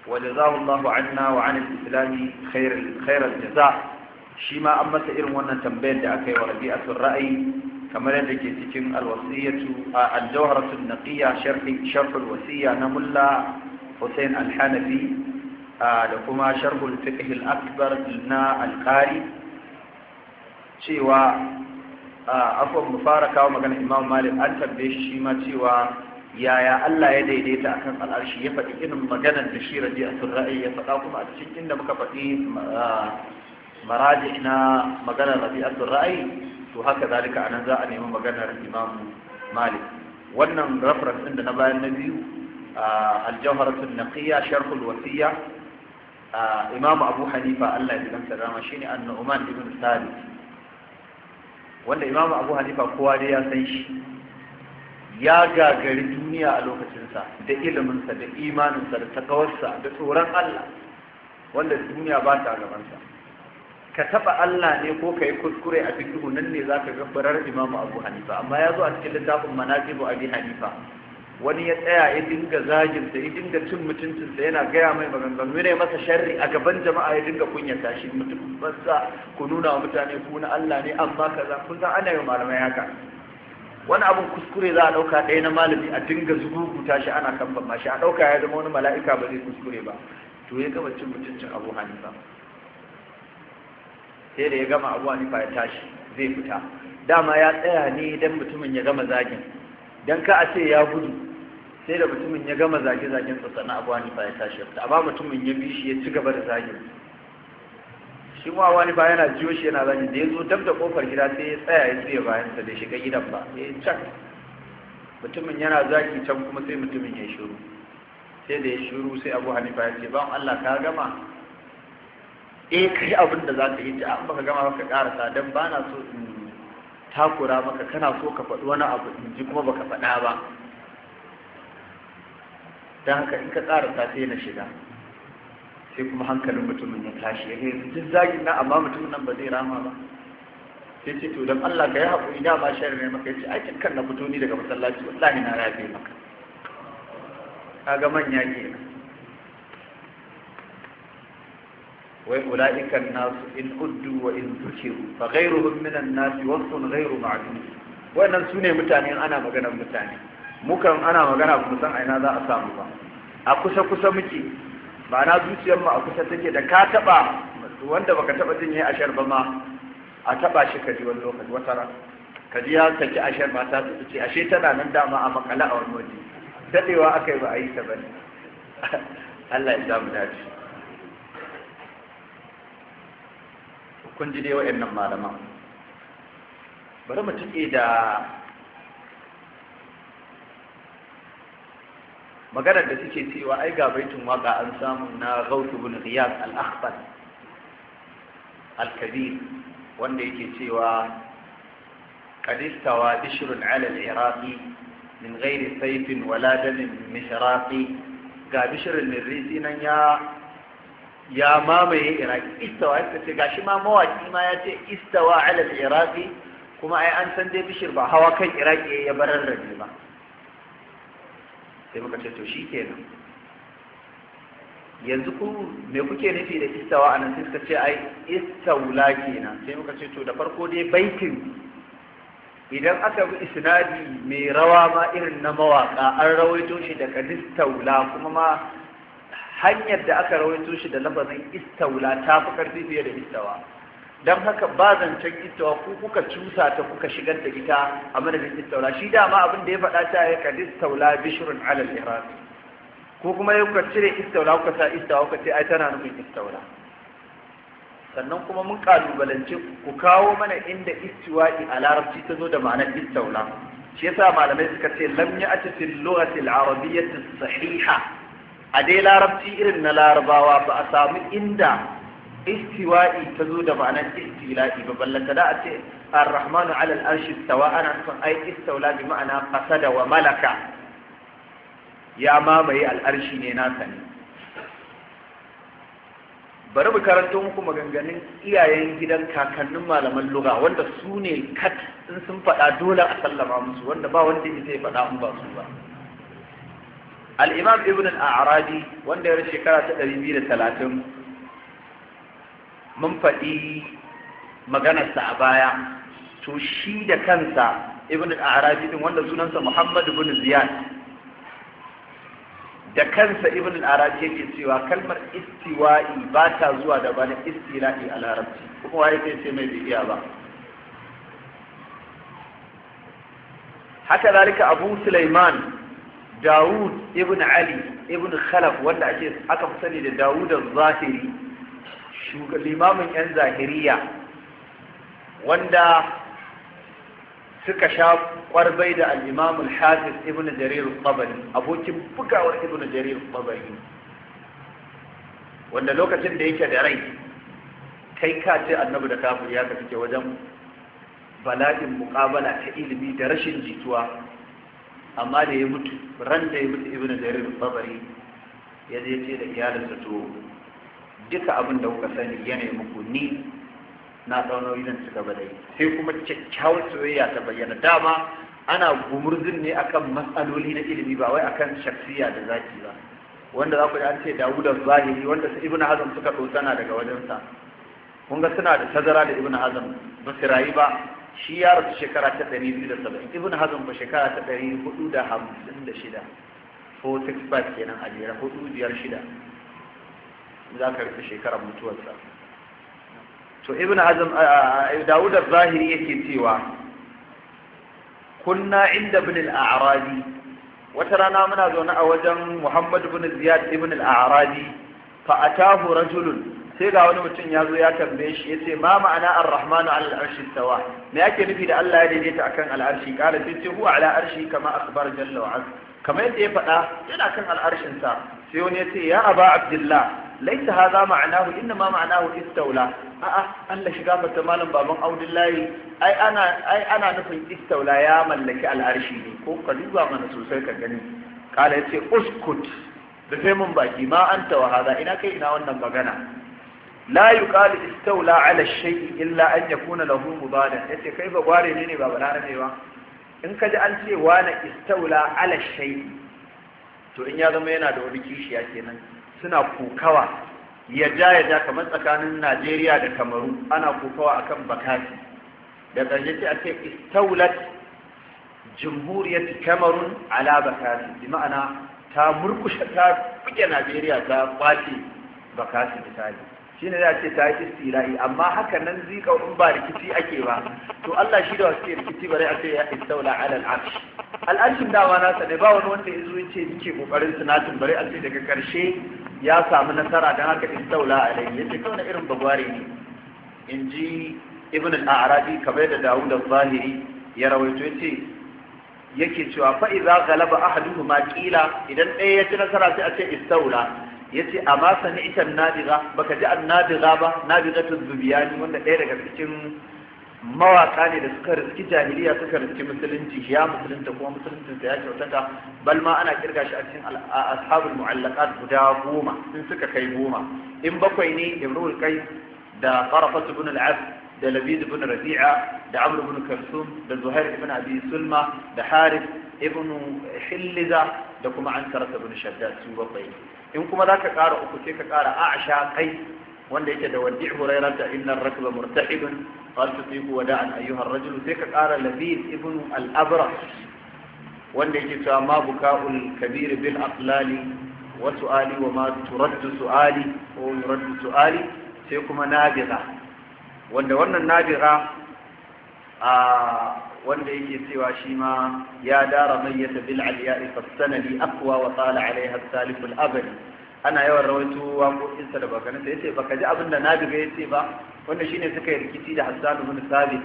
wa jazahu Allahu anna wa an al-islam khair al-jaza shi ma an masa irin wannan tambayar da aka yi wa rabi'atul ra'ayi kamar yadda ke cikin al-wasiyatu al-jawharatu an-naqiyya sharh sharh al-wasiyya na mulla hussein alhanafi da kuma sharhul fiqh akbar na al-qari cewa afwan mu fara kawo magana imam malik an tambaye shi shi ma cewa yaya Allah ya daidaita akan al'arshi ya faɗi irin maganar da shi raji ra'ayi ya faɗa kuma a cikin inda muka faɗi maraji na maganar rabi'atul ra'ayi to haka zalika anan za a nemi maganar imam malik wannan reference ɗin da na bayan na biyu aljawharatun naqiya sharhul wasiya imam abu hanifa Allah ya ji kansa rama shine an-nu'man ibn thabit wanda imam abu hanifa kowa dai ya san shi ya gagari duniya a lokacinsa da iliminsa da imaninsa da takawarsa da tsoron Allah wanda duniya ba ta gabansa ka taba Allah ne ko ka yi kuskure a fikihu nan ne za ka ga farar abu hanifa amma ya zo a cikin littafin manajibu abi hanifa wani ya tsaya ya dinga zaginsa ya dinga cin mutuncin mutuncinsa yana gaya mai maganganu yana masa sharri a gaban jama'a ya dinga kunya tashi mutum banza ku nuna wa mutane ku na Allah ne amma kaza kun san ana yi malamai haka wani abun kuskure za a ɗauka ɗaya na malami a dinga ku tashi ana kan shi a ɗauka ya zama wani mala'ika ba zai kuskure ba to ya gama cin mutuncin abu hanifa sai da ya gama abu hanifa ya tashi zai fita dama ya tsaya ne dan mutumin ya gama zagin don ka a ce ya gudu sai da mutumin ya gama zage-zagen sa sana abu wani ya tashi ya amma mutumin ya bi shi ya ci gaba da zage shi ma wani ba yana jiyo shi yana zage da ya zo dab da kofar gida sai ya tsaya ya tsaye bayan sa da shiga gidan ba ya can mutumin yana zaki can kuma sai mutumin ya shiru sai da ya shiru sai abu hanifa ya ce ban allah ka gama eh kai abin da za ka yi ta an baka gama baka karasa don ba na so in takura maka kana so ka faɗi wani abu in ji kuma baka faɗa ba don haka in ka tsara ta sai na shiga sai kuma hankalin mutumin ya tashi ya yanzu duk zagin na amma mutumin nan ba zai rama ba sai ce to don Allah ka yi haƙuri da ba shari ne maka ya ce aikin kan na fito ni daga masallaci wallahi na rafe maka kaga manya kenan Wai in وأولئك الناس إن أدوا وإن ذكروا فغيرهم من الناس وصف غير معدوم وأن سوني متاني ana magana mutane. mukan ana magana ba san aina za a samu ba a kusa kusa muke ma'ana zuciyar mu a kusa take da ka taba wanda baka taba jin yayi ashar ba ma a taba shi kaji wani lokaci wata ran kaji ya tafi ashar ba ta ce ashe tana nan dama a makala a wani waje dadewa akai ba a yi ta bane Allah ya samu dace kun ji dai wa'annan malaman bari mu tuke da maganar da suke cewa ai ga baitun waka an samu na gautu bin riyad al-akhbar al-kabir wanda yake cewa qadistawa bishirin ala al-iraqi min ghairi sayfin wala damin mishraqi ga bishrun mirrisi nan ya ya mamaye iraki istawa ya ce gashi ma mawaki ma ya ce istawa alal iraki kuma ai an san dai bishir ba hawa kan iraki ya barar rabi ba sai muka ce to shi kenan yanzu ku me kuke nufi da istawa anan sai suka ce ai istawla kenan sai muka ce to da farko dai baitin idan aka bi isnadi mai rawa ma irin na mawaka an rawaito shi daga istawla kuma ma hanyar da aka rawaito shi da lafazin istaula ta fi karfi fiye da istawa don haka ba zancen istawa ku kuka cusa ta kuka shigar da ita a madadin istaula shi dama abin da ya faɗa ta ya kadi istaula bishirun alal ihram ko kuma ya kuka cire istaula kuka sa istawa kuka ce ai tana nufin istaula sannan kuma mun kalubalance ku kawo mana inda istiwa'i a larabci ta zo da ma'anar istaula shi yasa malamai suka ce lam ya'ti fil lughati al as sahiha a dai larabci irin na larabawa ba a samu inda istiwa'i ta zo da ma'anar istila'i ba ta da a ce ar-rahmanu alal arshi tawa ana son ai istaula bi ma'ana da wa malaka ya mamaye al'arshi ne nasa ne bari mu karanto muku maganganun iyayen gidan kakannin malaman lura wanda su ne kat in sun faɗa dole a sallama musu wanda ba wanda ya faɗa in ba su ba al-imam ibn al wanda ya shekara ta 230 mun faɗi maganarsa a baya to shi da kansa ibn al-arabi din wanda sunansa muhammad ibn ziyad da kansa ibn al-arabi yake cewa kalmar istiwa'i ba ta zuwa da bani istila'i a larabci kuma waye kai sai mai biya ba haka zalika abu sulaiman Dawud ibn Ali ibn Khalaf wanda ake aka fi sani da Dawud al-Zahiri limamin yan zahiriya wanda suka sha kwarbai da al-Imam al-Hafiz ibn Jarir al-Tabari abokin bugawar ibn Jarir al-Tabari wanda lokacin da yake da rai kai ka ce annabi da kafir ya ka ke wajen bala'in muqabala ta ilimi da rashin jituwa amma da ya mutu ran da ya mutu ibn jarir babari ya je ce da iyalinsa to duka abin da kuka sani yanayi muku ni na tsauno wajen su gaba da sai kuma kyakkyawar soyayya ta bayyana dama ana gumurzin ne akan matsaloli na ilimi ba wai akan shaksiya da zaki ba wanda za ku ji an ce dawuda zahiri wanda su ibn hazm suka ɗosana daga wajensa kun ga suna da tazara da ibn hazm ba su rayu ba shi ya rasu shekara ta ɗari biyu da saba'in. ibn hazm fa shekara ta ɗari da da hamsin shida, ko 456 465 kenan a jera 456 za ka rufe shekarar mutuwarsa to ibn hazm dawud zahiri yake cewa kunna inda ibn al-a'radi wata rana muna zaune a wajen muhammad ibn ziyad ibn al-a'radi fa atahu rajulun sai ga wani mutum ya zo ya tambaye shi yace ma ma'ana ar-rahmanu 'ala al-arshi me yake nufi da Allah ya daidaita akan al-arshi qala sai ce huwa 'ala arshi kama akhbara jalla wa azza kamar yadda ya faɗa yana kan al-arshin sa sai wani yace ya aba abdullah laita hadha ma'anahu inna ma ma'anahu istawla a'a Allah shiga fata malam baban audullahi ai ana ai ana nufin istawla ya mallaki al-arshi ne ko ka mana sosai ka gani kala yace uskut da sai mun baki ma anta wa hadha ina kai ina wannan magana la yuqalu istaula ala shay'i illa an ya kuna lahu mubadan yace kai ba gware ne ne ba bana ne ba in ka ji an ce wani istawla ala shay'i to in ya zama yana da wani kishiya kenan suna kokawa ya ja ya ja kamar tsakanin Najeriya da Kamaru ana kokawa akan bakati da ƙarshe ce a ce istawlat jumhuriyar Kamarun ala bakati bi ma'ana ta murkushe ta buge Najeriya ta kwace bakati misali shi ne za ce ta yi istira'i amma haka nan zika in ba rikici ake ba to Allah shi da wasu rikici bare a ce ya istaula ala al'arshi al'arshin dama nasa ne ba wani wanda ya zo ce yake kokarin sinatin bare a ce daga karshe ya samu nasara don haka istaula alai ya ce kawai irin bagware ne in ji ibn al-arabi kamar da dawud al-zahiri ya rawaito yace yake cewa fa idza galaba ahaduhuma qila idan ɗaya ya ci nasara sai a ce istaula yace amma sami'ta an-nabiga baka ji an ba nabigatu zubiyani wanda ɗaya daga cikin mawaka ne da suka riski jahiliya suka riski musulunci ya musulunta kuma musuluncin ya kyautata bal ma ana kirga shi a cikin ashabul mu'allaqat guda goma in suka kai goma in bakwai ne ibrul qais da qarafat ibn al da labid ibn rabi'a da amr ibn karsum da zuhair ibn abi sulma da harith ibn hilliza da kuma an ibn shaddad su bakwai in kuma za ka ƙara uku sai ka ƙara sha kai wanda yake da wadi hurairata innar rakba murtahidun qad tusibu wada'an ayyuha ayyuhar rajul sai ka ƙara labid ibn al-abra wanda yake cewa ma ul kabir bil aqlali wa su'ali wa ma turaddu su'ali ko yuraddu su'ali sai kuma nabira wanda wannan nabira a wanda yake cewa shi ma ya dara mayyata bil aliya'i fasanali aqwa wa tala alaiha saliful abadi ana yawan rawaito waƙoƙin sa da baka nasa yace baka ji abin da na daga yace ba wanda shine suka yi rikici da Hassan ibn Sabit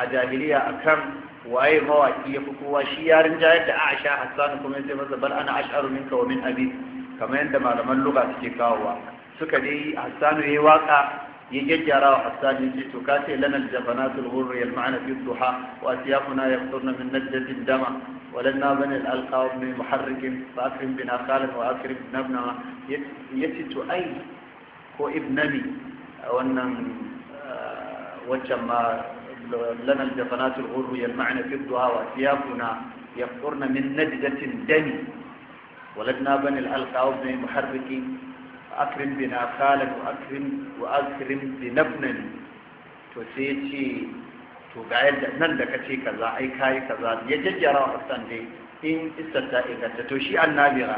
a jahiliya akan waye mawaki yafi kowa shi yarin jayar da Aisha Hassan kuma yace masa bal ana ash'aru minka wa min abi kamar yadda malaman lugha suke kawowa suka dai Hassan yayi waka يجي يججر حسان يجي تكاتي لنا الجبنات الغر يلمعن في الضحى وأسيافنا يقطرن من نجدة الدمع ولنا من الألقاب من محرك فأكرم بنا خالد وأكرم بنا ابنا يتت أي هو ابنني وأن وجما لنا الجبنات الغر يلمعن في الضحى وأسيافنا يقطرن من نجدة الدم ولدنا بني الألقاب من محرك akrim bina qalan wa akrim wa akrim bi nabnani to sai ce to ga yadda nan da kace kaza ai kai kaza ya jajjara wa Hassan dai in istata inganta to shi annabira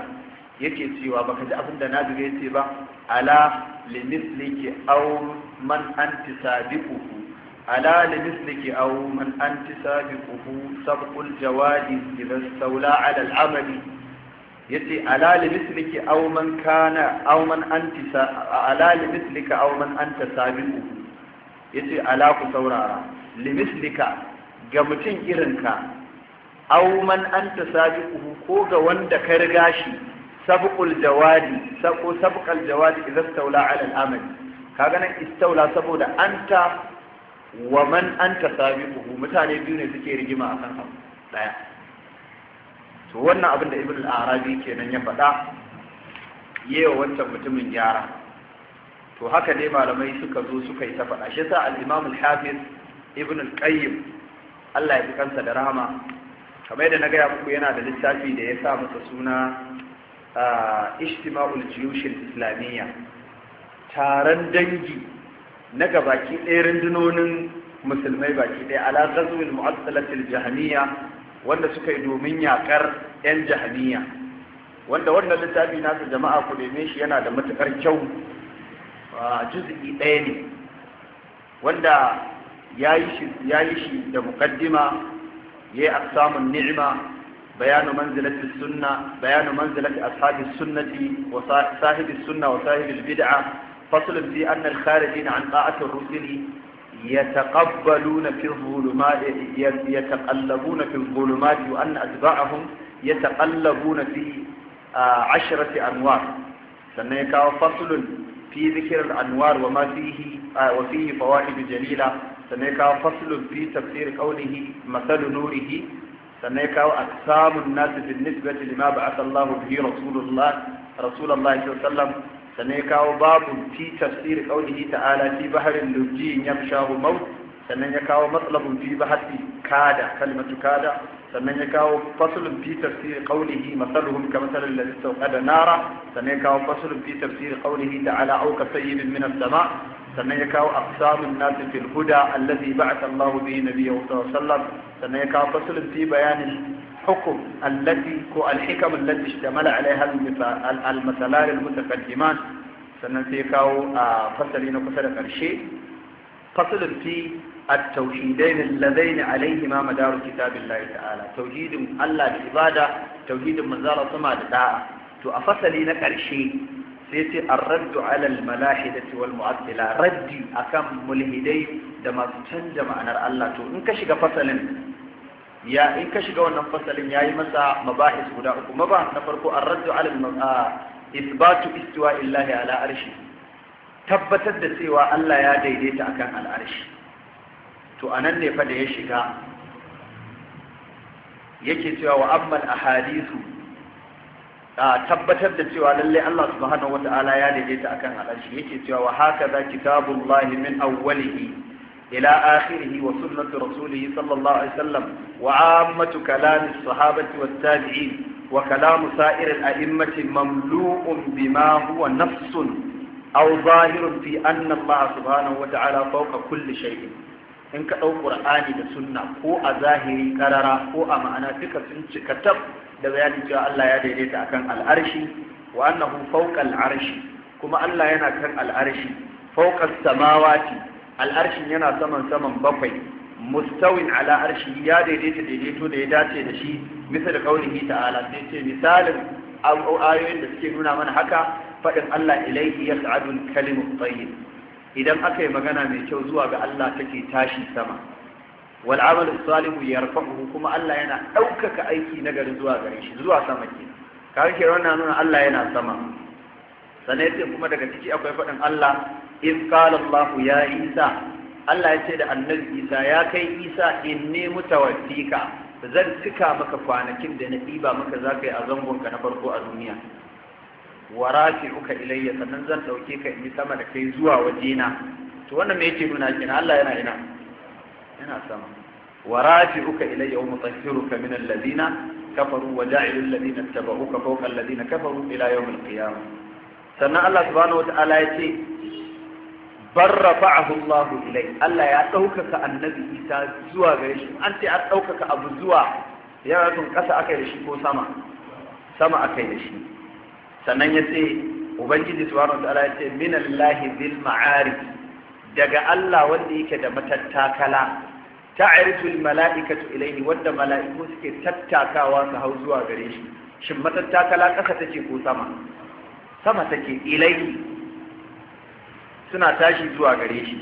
yake cewa baka ji abin da nabira yace ba ala limithliki aw man anti sabiquhu ala limithliki aw man anti sabiquhu sabqul jawadi idha stawla ala al-amali yace alali mislika aw man kana aw man anti alali mislika aw man anta sabiqu yace ala ku saurara limislika ga mutum irinka aw man anta uhu ko ga wanda ka riga shi sabqul jawadi sabo sabqal jawadi idza istawla ala al-amal kaga nan istawla saboda anta wa man anta uhu, mutane biyu ne suke rigima akan abu daya to wannan abin da ibn al-arabi kenan ya faɗa yewa wancan mutumin gyara to haka ne malamai suka zo suka yi ta faɗa shi sa al-imam al-hafiz ibn al-qayyim Allah ya fi kansa da rahama kamar yadda na gaya muku yana da littafi da ya sa masa suna jiyush jiyushin islamiyya taron dangi na gabaki ɗaya rundunonin musulmai baki ɗaya ala ghazwil mu'assalatil jahmiyya wanda suka yi domin yakar 'yan jahaniya wanda wannan littafi nasa jama'a ku neme shi yana da matukar kyau a juzi'i ɗaya ne wanda ya yi shi da mukaddima ya yi samun ni'ima bayanu manzilati sunna bayanu manzilati ashabi sunnati wa sahibi sunna wa sahibi bid'a faslun fi anna al-kharijin an ta'ati ar-rusuli يتقبلون في الظلمات يتقلبون في الظلمات وأن أتباعهم يتقلبون في عشرة أنوار سنة فصل في ذكر الأنوار وما فيه وفيه فوائد جليلة سنة فصل في تفسير قوله مثل نوره سنة أقسام الناس بالنسبة لما بعث الله به رسول الله رسول الله صلى الله عليه وسلم sannan ya kawo babu fi tafsir qaulihi ta'ala fi baharin lujjin yamshahu maut sannan ya kawo matsalabun fi bahasi kada kalmatu kada sannan ya kawo fasulun fi tafsir qaulihi masaluhum kamathalil ladhi istawqada nara sannan ya kawo fasulun fi tafsir qaulihi ta'ala auka sayyidin min as-sama sannan ya kawo aqsamun nas fil huda alladhi ba'atha allahu bihi nabiyyu sallallahu alaihi wasallam sannan ya kawo fasulun fi bayanin الحكم التي والحكم التي اشتمل عليها المثلان المتقدمان سننتيكاو فصلين وفصل فرشي فصل في التوحيدين اللذين عليهما مدار كتاب الله تعالى توحيد الله بالعبادة توحيد من زال صمع لدعاء تؤفصلين فرشي سيتي الرد على الملاحدة والمعطلة ردي أكم ملهدي دما تنجم عن الله تو إنك شك فصل ya in ka shiga wannan fasalin yayi masa mabahis guda uku mabah na farko ar-raddu ala isbatu istiwa illahi ala arshi tabbatar da cewa Allah ya daidaita akan al'arshi to anan ne fa da ya shiga yake cewa wa amma ammal ahadithu a tabbatar da cewa lalle Allah subhanahu ta'ala ya daidaita akan al'arshi yake cewa wa hakaza kitabullahi min awwalihi إلى آخره وسنة رسوله صلى الله عليه وسلم وعامة كلام الصحابة والتابعين وكلام سائر الأئمة مملوء بما هو نفس أو ظاهر في أن الله سبحانه وتعالى فوق كل شيء in ka ɗau ƙur'ani da sunna ko a zahiri ƙarara ko a ma'ana duka sun cika tab da bayani cewa Allah ya daidaita akan al'arshi wa annahu fawqa al'arshi kuma Allah yana kan al'arshi fawqa samawati al'arshin yana saman saman bakwai mustawin ala arshi ya daidaita daidaito da ya dace da shi Misa da hita ala. sai ce misalin ayoyin da suke nuna mana haka faɗin Allah ilaihi ya al-kalimu tayyib idan aka yi magana mai kyau zuwa ga Allah take tashi sama wal amal salihu yarfa'uhu kuma Allah yana ɗaukaka aiki na gari zuwa gare shi zuwa sama ke kawai ke wannan nuna Allah yana sama sannan kuma daga ciki akwai faɗin Allah in qala Allah ya Isa Allah ya ce da annabi Isa ya kai Isa inni mutawaffika zan cika maka kwanakin da na diba maka za ka yi a zangonka na farko a duniya wa uka ilayya sannan zan ɗauke ka in yi sama da kai zuwa waje na. to wannan me yake nuna kina Allah yana ina yana sama wa uka ilayya wa mutahhiruka min alladhina kafaru wa ja'ilu alladhina ittaba'uka fawqa alladhina kafaru ila yawm al-qiyamah sannan Allah subhanahu wa ta'ala yace Barrafa rafa'ahu Allah ilai Allah ya ɗaukaka annabi Isa zuwa gare shi an ce an ɗaukaka abu zuwa yana tun ƙasa akai da shi ko sama sama akai da shi sannan ya ce ubangiji subhanahu ta'ala ya ce min Allah bil ma'arij daga Allah wanda yake da matattakala ta'rifu al mala'ikatu ilayhi wanda mala'iku suke tattakawa su hau zuwa gare shi shin matattakala ƙasa take ko sama sama take ilayhi suna tashi zuwa gare shi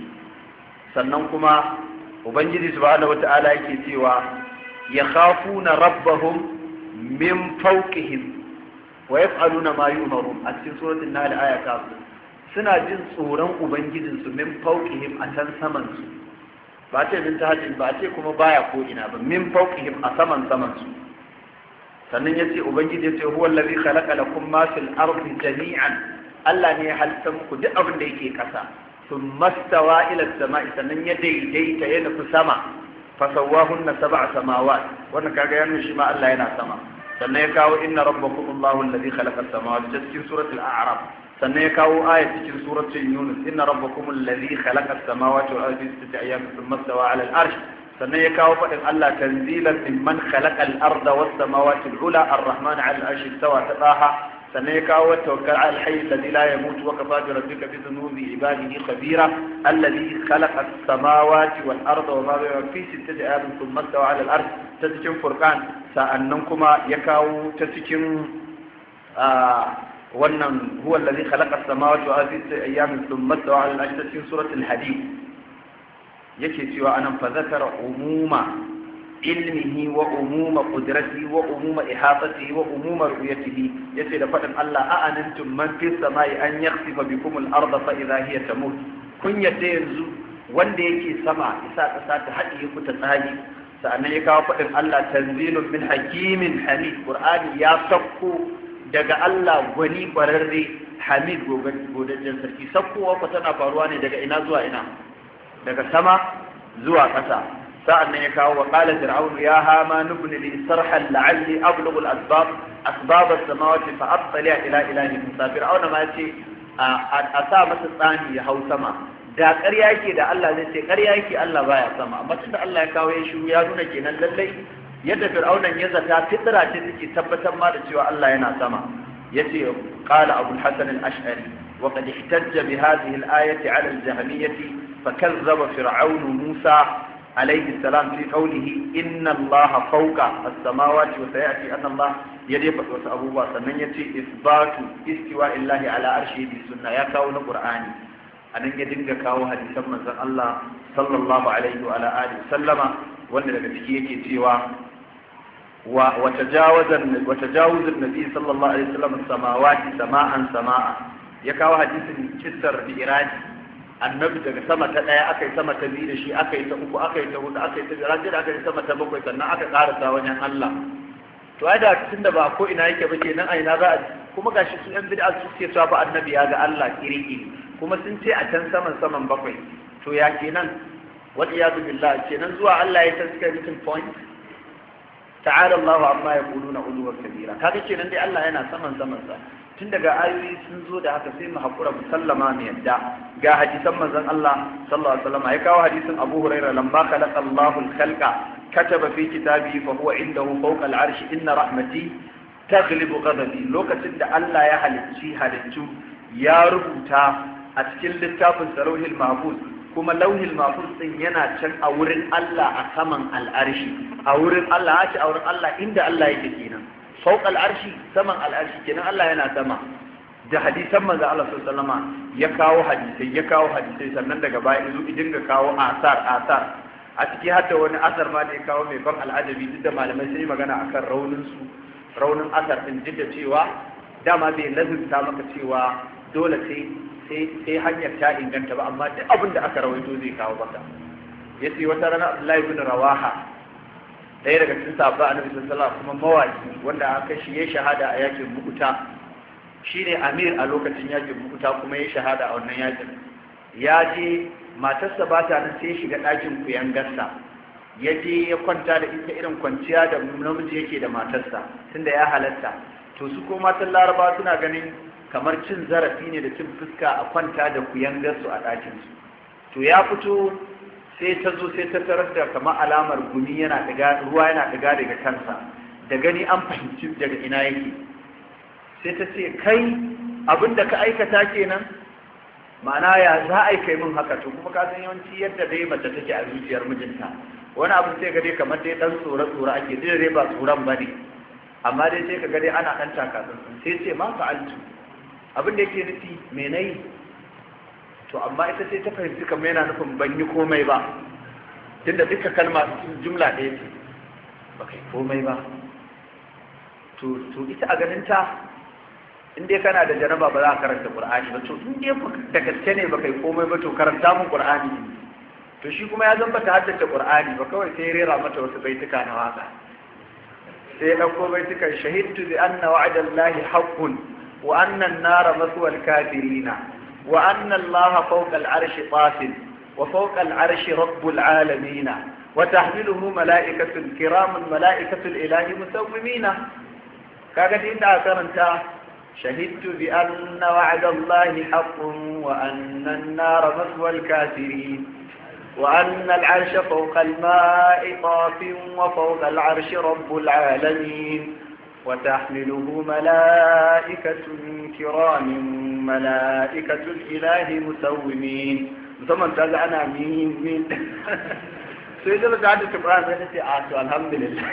sannan kuma ubangiji subhanahu wata'ala yake cewa ya na rabbahum min fawqihim wa yaf'aluna ma yu'marun a cikin suratul nahl aya ta suna jin tsoron ubangijinsu min fawqihim a can saman su ba ce min tahajjud ba ce kuma baya ko ina ba min fawqihim a saman saman su sannan yace ubangiji yace huwa allazi khalaqa lakum ma fil ardi jami'an Allah ne ya halitta muku duk abin da yake ƙasa sun mastawa ila sama'i sannan ya daidaita ya nufi sama fasawahunna sab'a samawat wannan kaga ya shi ma Allah yana sama sannan ya kawo inna rabbakum Allahu alladhi khalaqa as-samawati cikin suratul a'raf sannan ya kawo aya cikin suratul yunus inna rabbakum alladhi khalaqa as-samawati wal ardi fi sittati ayyamin thumma stawa ala al-arsh sannan ya kawo faɗin Allah tanzilan mimman khalaqa al-arda was samawati al-ula ar-rahman 'ala al-arshi istawa ta sannan ya kawo wata tawakkal alhayy alladhi la yamutu wa kafa bi rabbika bi dhunubi ibadihi khabira alladhi khalaqa as-samawati wal arda wa ma bainahuma fi sittati ayatin thumma istawa 'ala al-arsh ta cikin furqan sa'annan kuma ya kawo ta cikin wannan huwa alladhi khalaqa as-samawati wa arda fi sittati ayatin thumma istawa 'ala al-arsh ta cikin suratul hadid yake cewa anan fa zakara umuma ilmihi wa umuma qudratihi wa umuma ihatatihi wa umuma ru'yatihi yace da fadin Allah a anantum man fis samai an yakhsifa bikum al-ardha fa idha hiya tamut kun yadda yanzu wanda yake sama isa kasa ta hadiye ku ta tsagi sannan ya kawo fadin Allah tanzilun min hakimin hamid qur'ani ya sakko daga Allah gwani kwararre hamid godajen sarki sakkowa ku tana faruwa ne daga ina zuwa ina daga sama zuwa ƙasa sa'annan ya kawo wa qala fir'aun ya hama nubni li sarhan la'alli ablughu al-asbab asbab as-samawati fa attali ila ilahi musa fir'aun ma yace a sa masa tsani ya hau sama da ƙarya yake da Allah zai ce ƙarya yake Allah baya sama amma tunda Allah ya kawo ya shiru ya nuna kenan lallai yadda fir'aunan ya zata fitra ce take tabbatar ma da cewa Allah yana sama yace qala abul hasan al-ash'ari wa qad ihtajja bi hadhihi al-ayati 'ala al fa kazzaba fir'aun musa alaihi salam fi qawlihi inna allaha fawqa as-samawati wa sayati anna allah ya dai faɗi wasu abubuwa sannan ya ce isbatu istiwa illahi ala arshi bi sunna ya kawo na qur'ani anan ya dinga kawo hadisan manzon Allah sallallahu alaihi wa ala alihi sallama wanda daga ciki yake cewa wa watajawazan watajawuzan nabi sallallahu alaihi wasallam samawati sama'an sama'a ya kawo hadisin kissar bi iradi annabi daga sama ta ɗaya aka yi sama ta biyu da shi aka yi ta uku aka yi ta hudu aka yi ta biyar da aka yi sama ta bakwai sannan aka karasa wajen Allah to ai da tun da ba ko ina yake ba kenan a ina za a kuma gashi su yan bid'a su ce cewa annabi ya ga Allah kiriki kuma sun ce a can saman saman bakwai to ya kenan wal iyadu billah kenan zuwa Allah ya san suka meeting point ta'ala Allah amma yaquluna ulwa kabira kaga kenan dai Allah yana saman saman sa tun daga ayoyi sun zo da haka sai mu haƙura mu sallama yadda ga hadisan manzon Allah sallallahu alaihi wasallam ya kawo hadisin Abu Hurairah lamma khalaqa Allahu al-khalqa kataba fi kitabi, fa huwa indahu fawqa al-arsh inna rahmati taghlibu ghadabi lokacin da Allah ya halicci halicci ya rubuta a cikin littafin sarauhil mahfuz kuma lauhil mahfuz din yana can a wurin Allah a saman al'arshi a wurin Allah a wurin Allah inda Allah yake kenan fauka al'arshi saman al'arshi kenan Allah yana sama da hadisan manzo Allah sallallahu alaihi ya kawo hadisai ya kawo hadisai sannan daga baya izo idin ga kawo asar asar a ciki hatta wani asar ma da ya kawo mai ban al'adabi duk da malamai sun yi magana akan raunin su raunin asar din duk da cewa dama bai ta maka cewa dole sai sai hanyar ta inganta ba amma duk abin da aka rawaito zai kawo baka. yace wata rana Abdullahi bin Rawaha ɗaya daga cikin sabbin annabi sallallahu kuma mawaki wanda aka shi ya shahada a yakin mukuta shine amir a lokacin yakin mukuta kuma ya shahada a wannan yakin ya je matarsa ba ta nan sai ya shiga ɗakin kuyangarsa ya je ya kwanta da ita irin kwanciya da namiji yake da matarsa tunda ya halatta to su ko matan laraba suna ganin kamar cin zarafi ne da cin fuska a kwanta da kuyangarsu a ɗakinsu to ya fito sai ta zo sai ta tarar da kama alamar gumi yana daga ruwa yana daga daga kansa da gani an fahimci daga ina yake sai ta ce kai abin da ka aikata kenan ma'ana ya za a yi kai min haka to kuma ka san yawanci yadda dai mace take a zuciyar mijinta wani abu sai ga dai kamar dai dan tsoro tsoro ake dai dai ba tsoron bane amma dai sai ka ga dai ana dan taka sai ce ma fa'altu abin da yake nufi me nayi to amma ita ce ta fahimci kamar yana nufin ban yi komai ba tunda duka kalma cikin jumla ɗaya ce ba kai komai ba to ita a ganin ta in dai kana da janaba ba za ka karanta qur'ani ba to in dai da gaske ne ba kai komai ba to karanta mun qur'ani to shi kuma ya zambata ta haddace qur'ani ba kawai sai rera mata wasu baituka na waka sai ya ɗauko baitukan shahidtu bi anna wa'da haqqun wa anna an-nara maswal kafirina وأن الله فوق العرش طاف وفوق العرش رب العالمين وتحمله ملائكة كرام ملائكة الإله مسومين كاكت إنت أكرمت شهدت بأن وعد الله حق وأن النار مثوى الكافرين وأن العرش فوق الماء طاف وفوق العرش رب العالمين وتحمله ملائكة كرام ملائكة الإله مسومين musamman ta ga ana min min sai da ta da tabara sai ce to alhamdulillah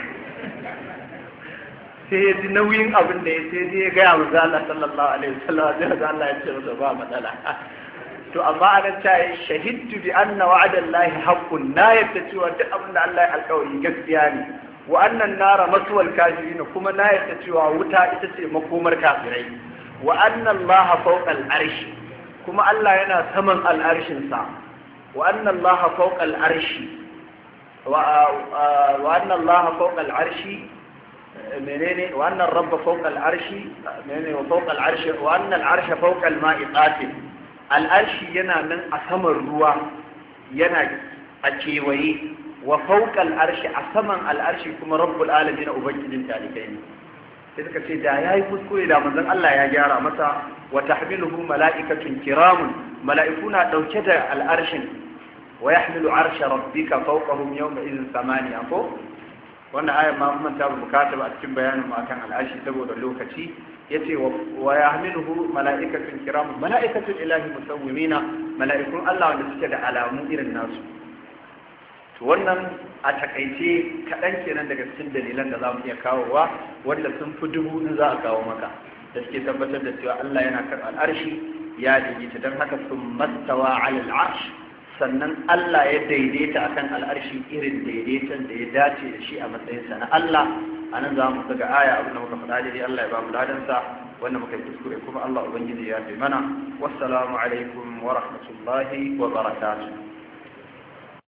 sai ya ji nauyin abin da ya sai ya ga manzo sallallahu alaihi wasallam sai ya ce ba matsala to amma anan ta yi shahidtu bi anna wa'adallahi haqqun na yadda cewa duk abin Allah ya alƙawari gaskiya ne wa annan nara masuwal kafirin kuma na yarda cewa wuta ita ce makomar kafirai wa annan laha fawqal arshi kuma Allah yana saman al'arshinsa. wa'annan wa annan laha fawqal arshi wa laha fawqal arshi menene wa rabba fawqal arshi menene wa fawqal arshi wa'annan annan arsha fawqal ma'i qatil al'arshi yana nan a saman ruwa yana a kewaye wa fawqal arshi a saman al'arshi kuma rabbul alamin ubangijin talikai ne sai suka ce da yayi kuskure da manzon Allah ya gyara masa wa tahmiluhu mala'ikatun kiramun mala'ikuna dauke da al'arshin wa yahmilu arsha rabbika fawqahum yawma idhin samaniya ko wannan ayar ma mun ta bukata ba a cikin bayanin mu akan al'ashi saboda lokaci yace wa yahmiluhu mala'ikatun kiramun mala'ikatun ilahi musawwimina mala'ikun Allah wanda suke da alamu irin nasu wannan a takaice kaɗan kenan daga cikin dalilan da za mu iya kawowa wanda sun fi dubu in za a kawo maka da suke tabbatar da cewa Allah yana kan al'arshi ya daidaita don haka sun mastawa alal arsh sannan Allah ya daidaita akan al'arshi irin daidaitan da ya dace da shi a matsayinsa na Allah a nan za mu daga aya abin da muka faɗa daidai Allah ya ba mu ladansa wanda muka yi kuskure kuma Allah ubangiji ya bi mana wassalamu alaikum wa rahmatullahi wa barakatuh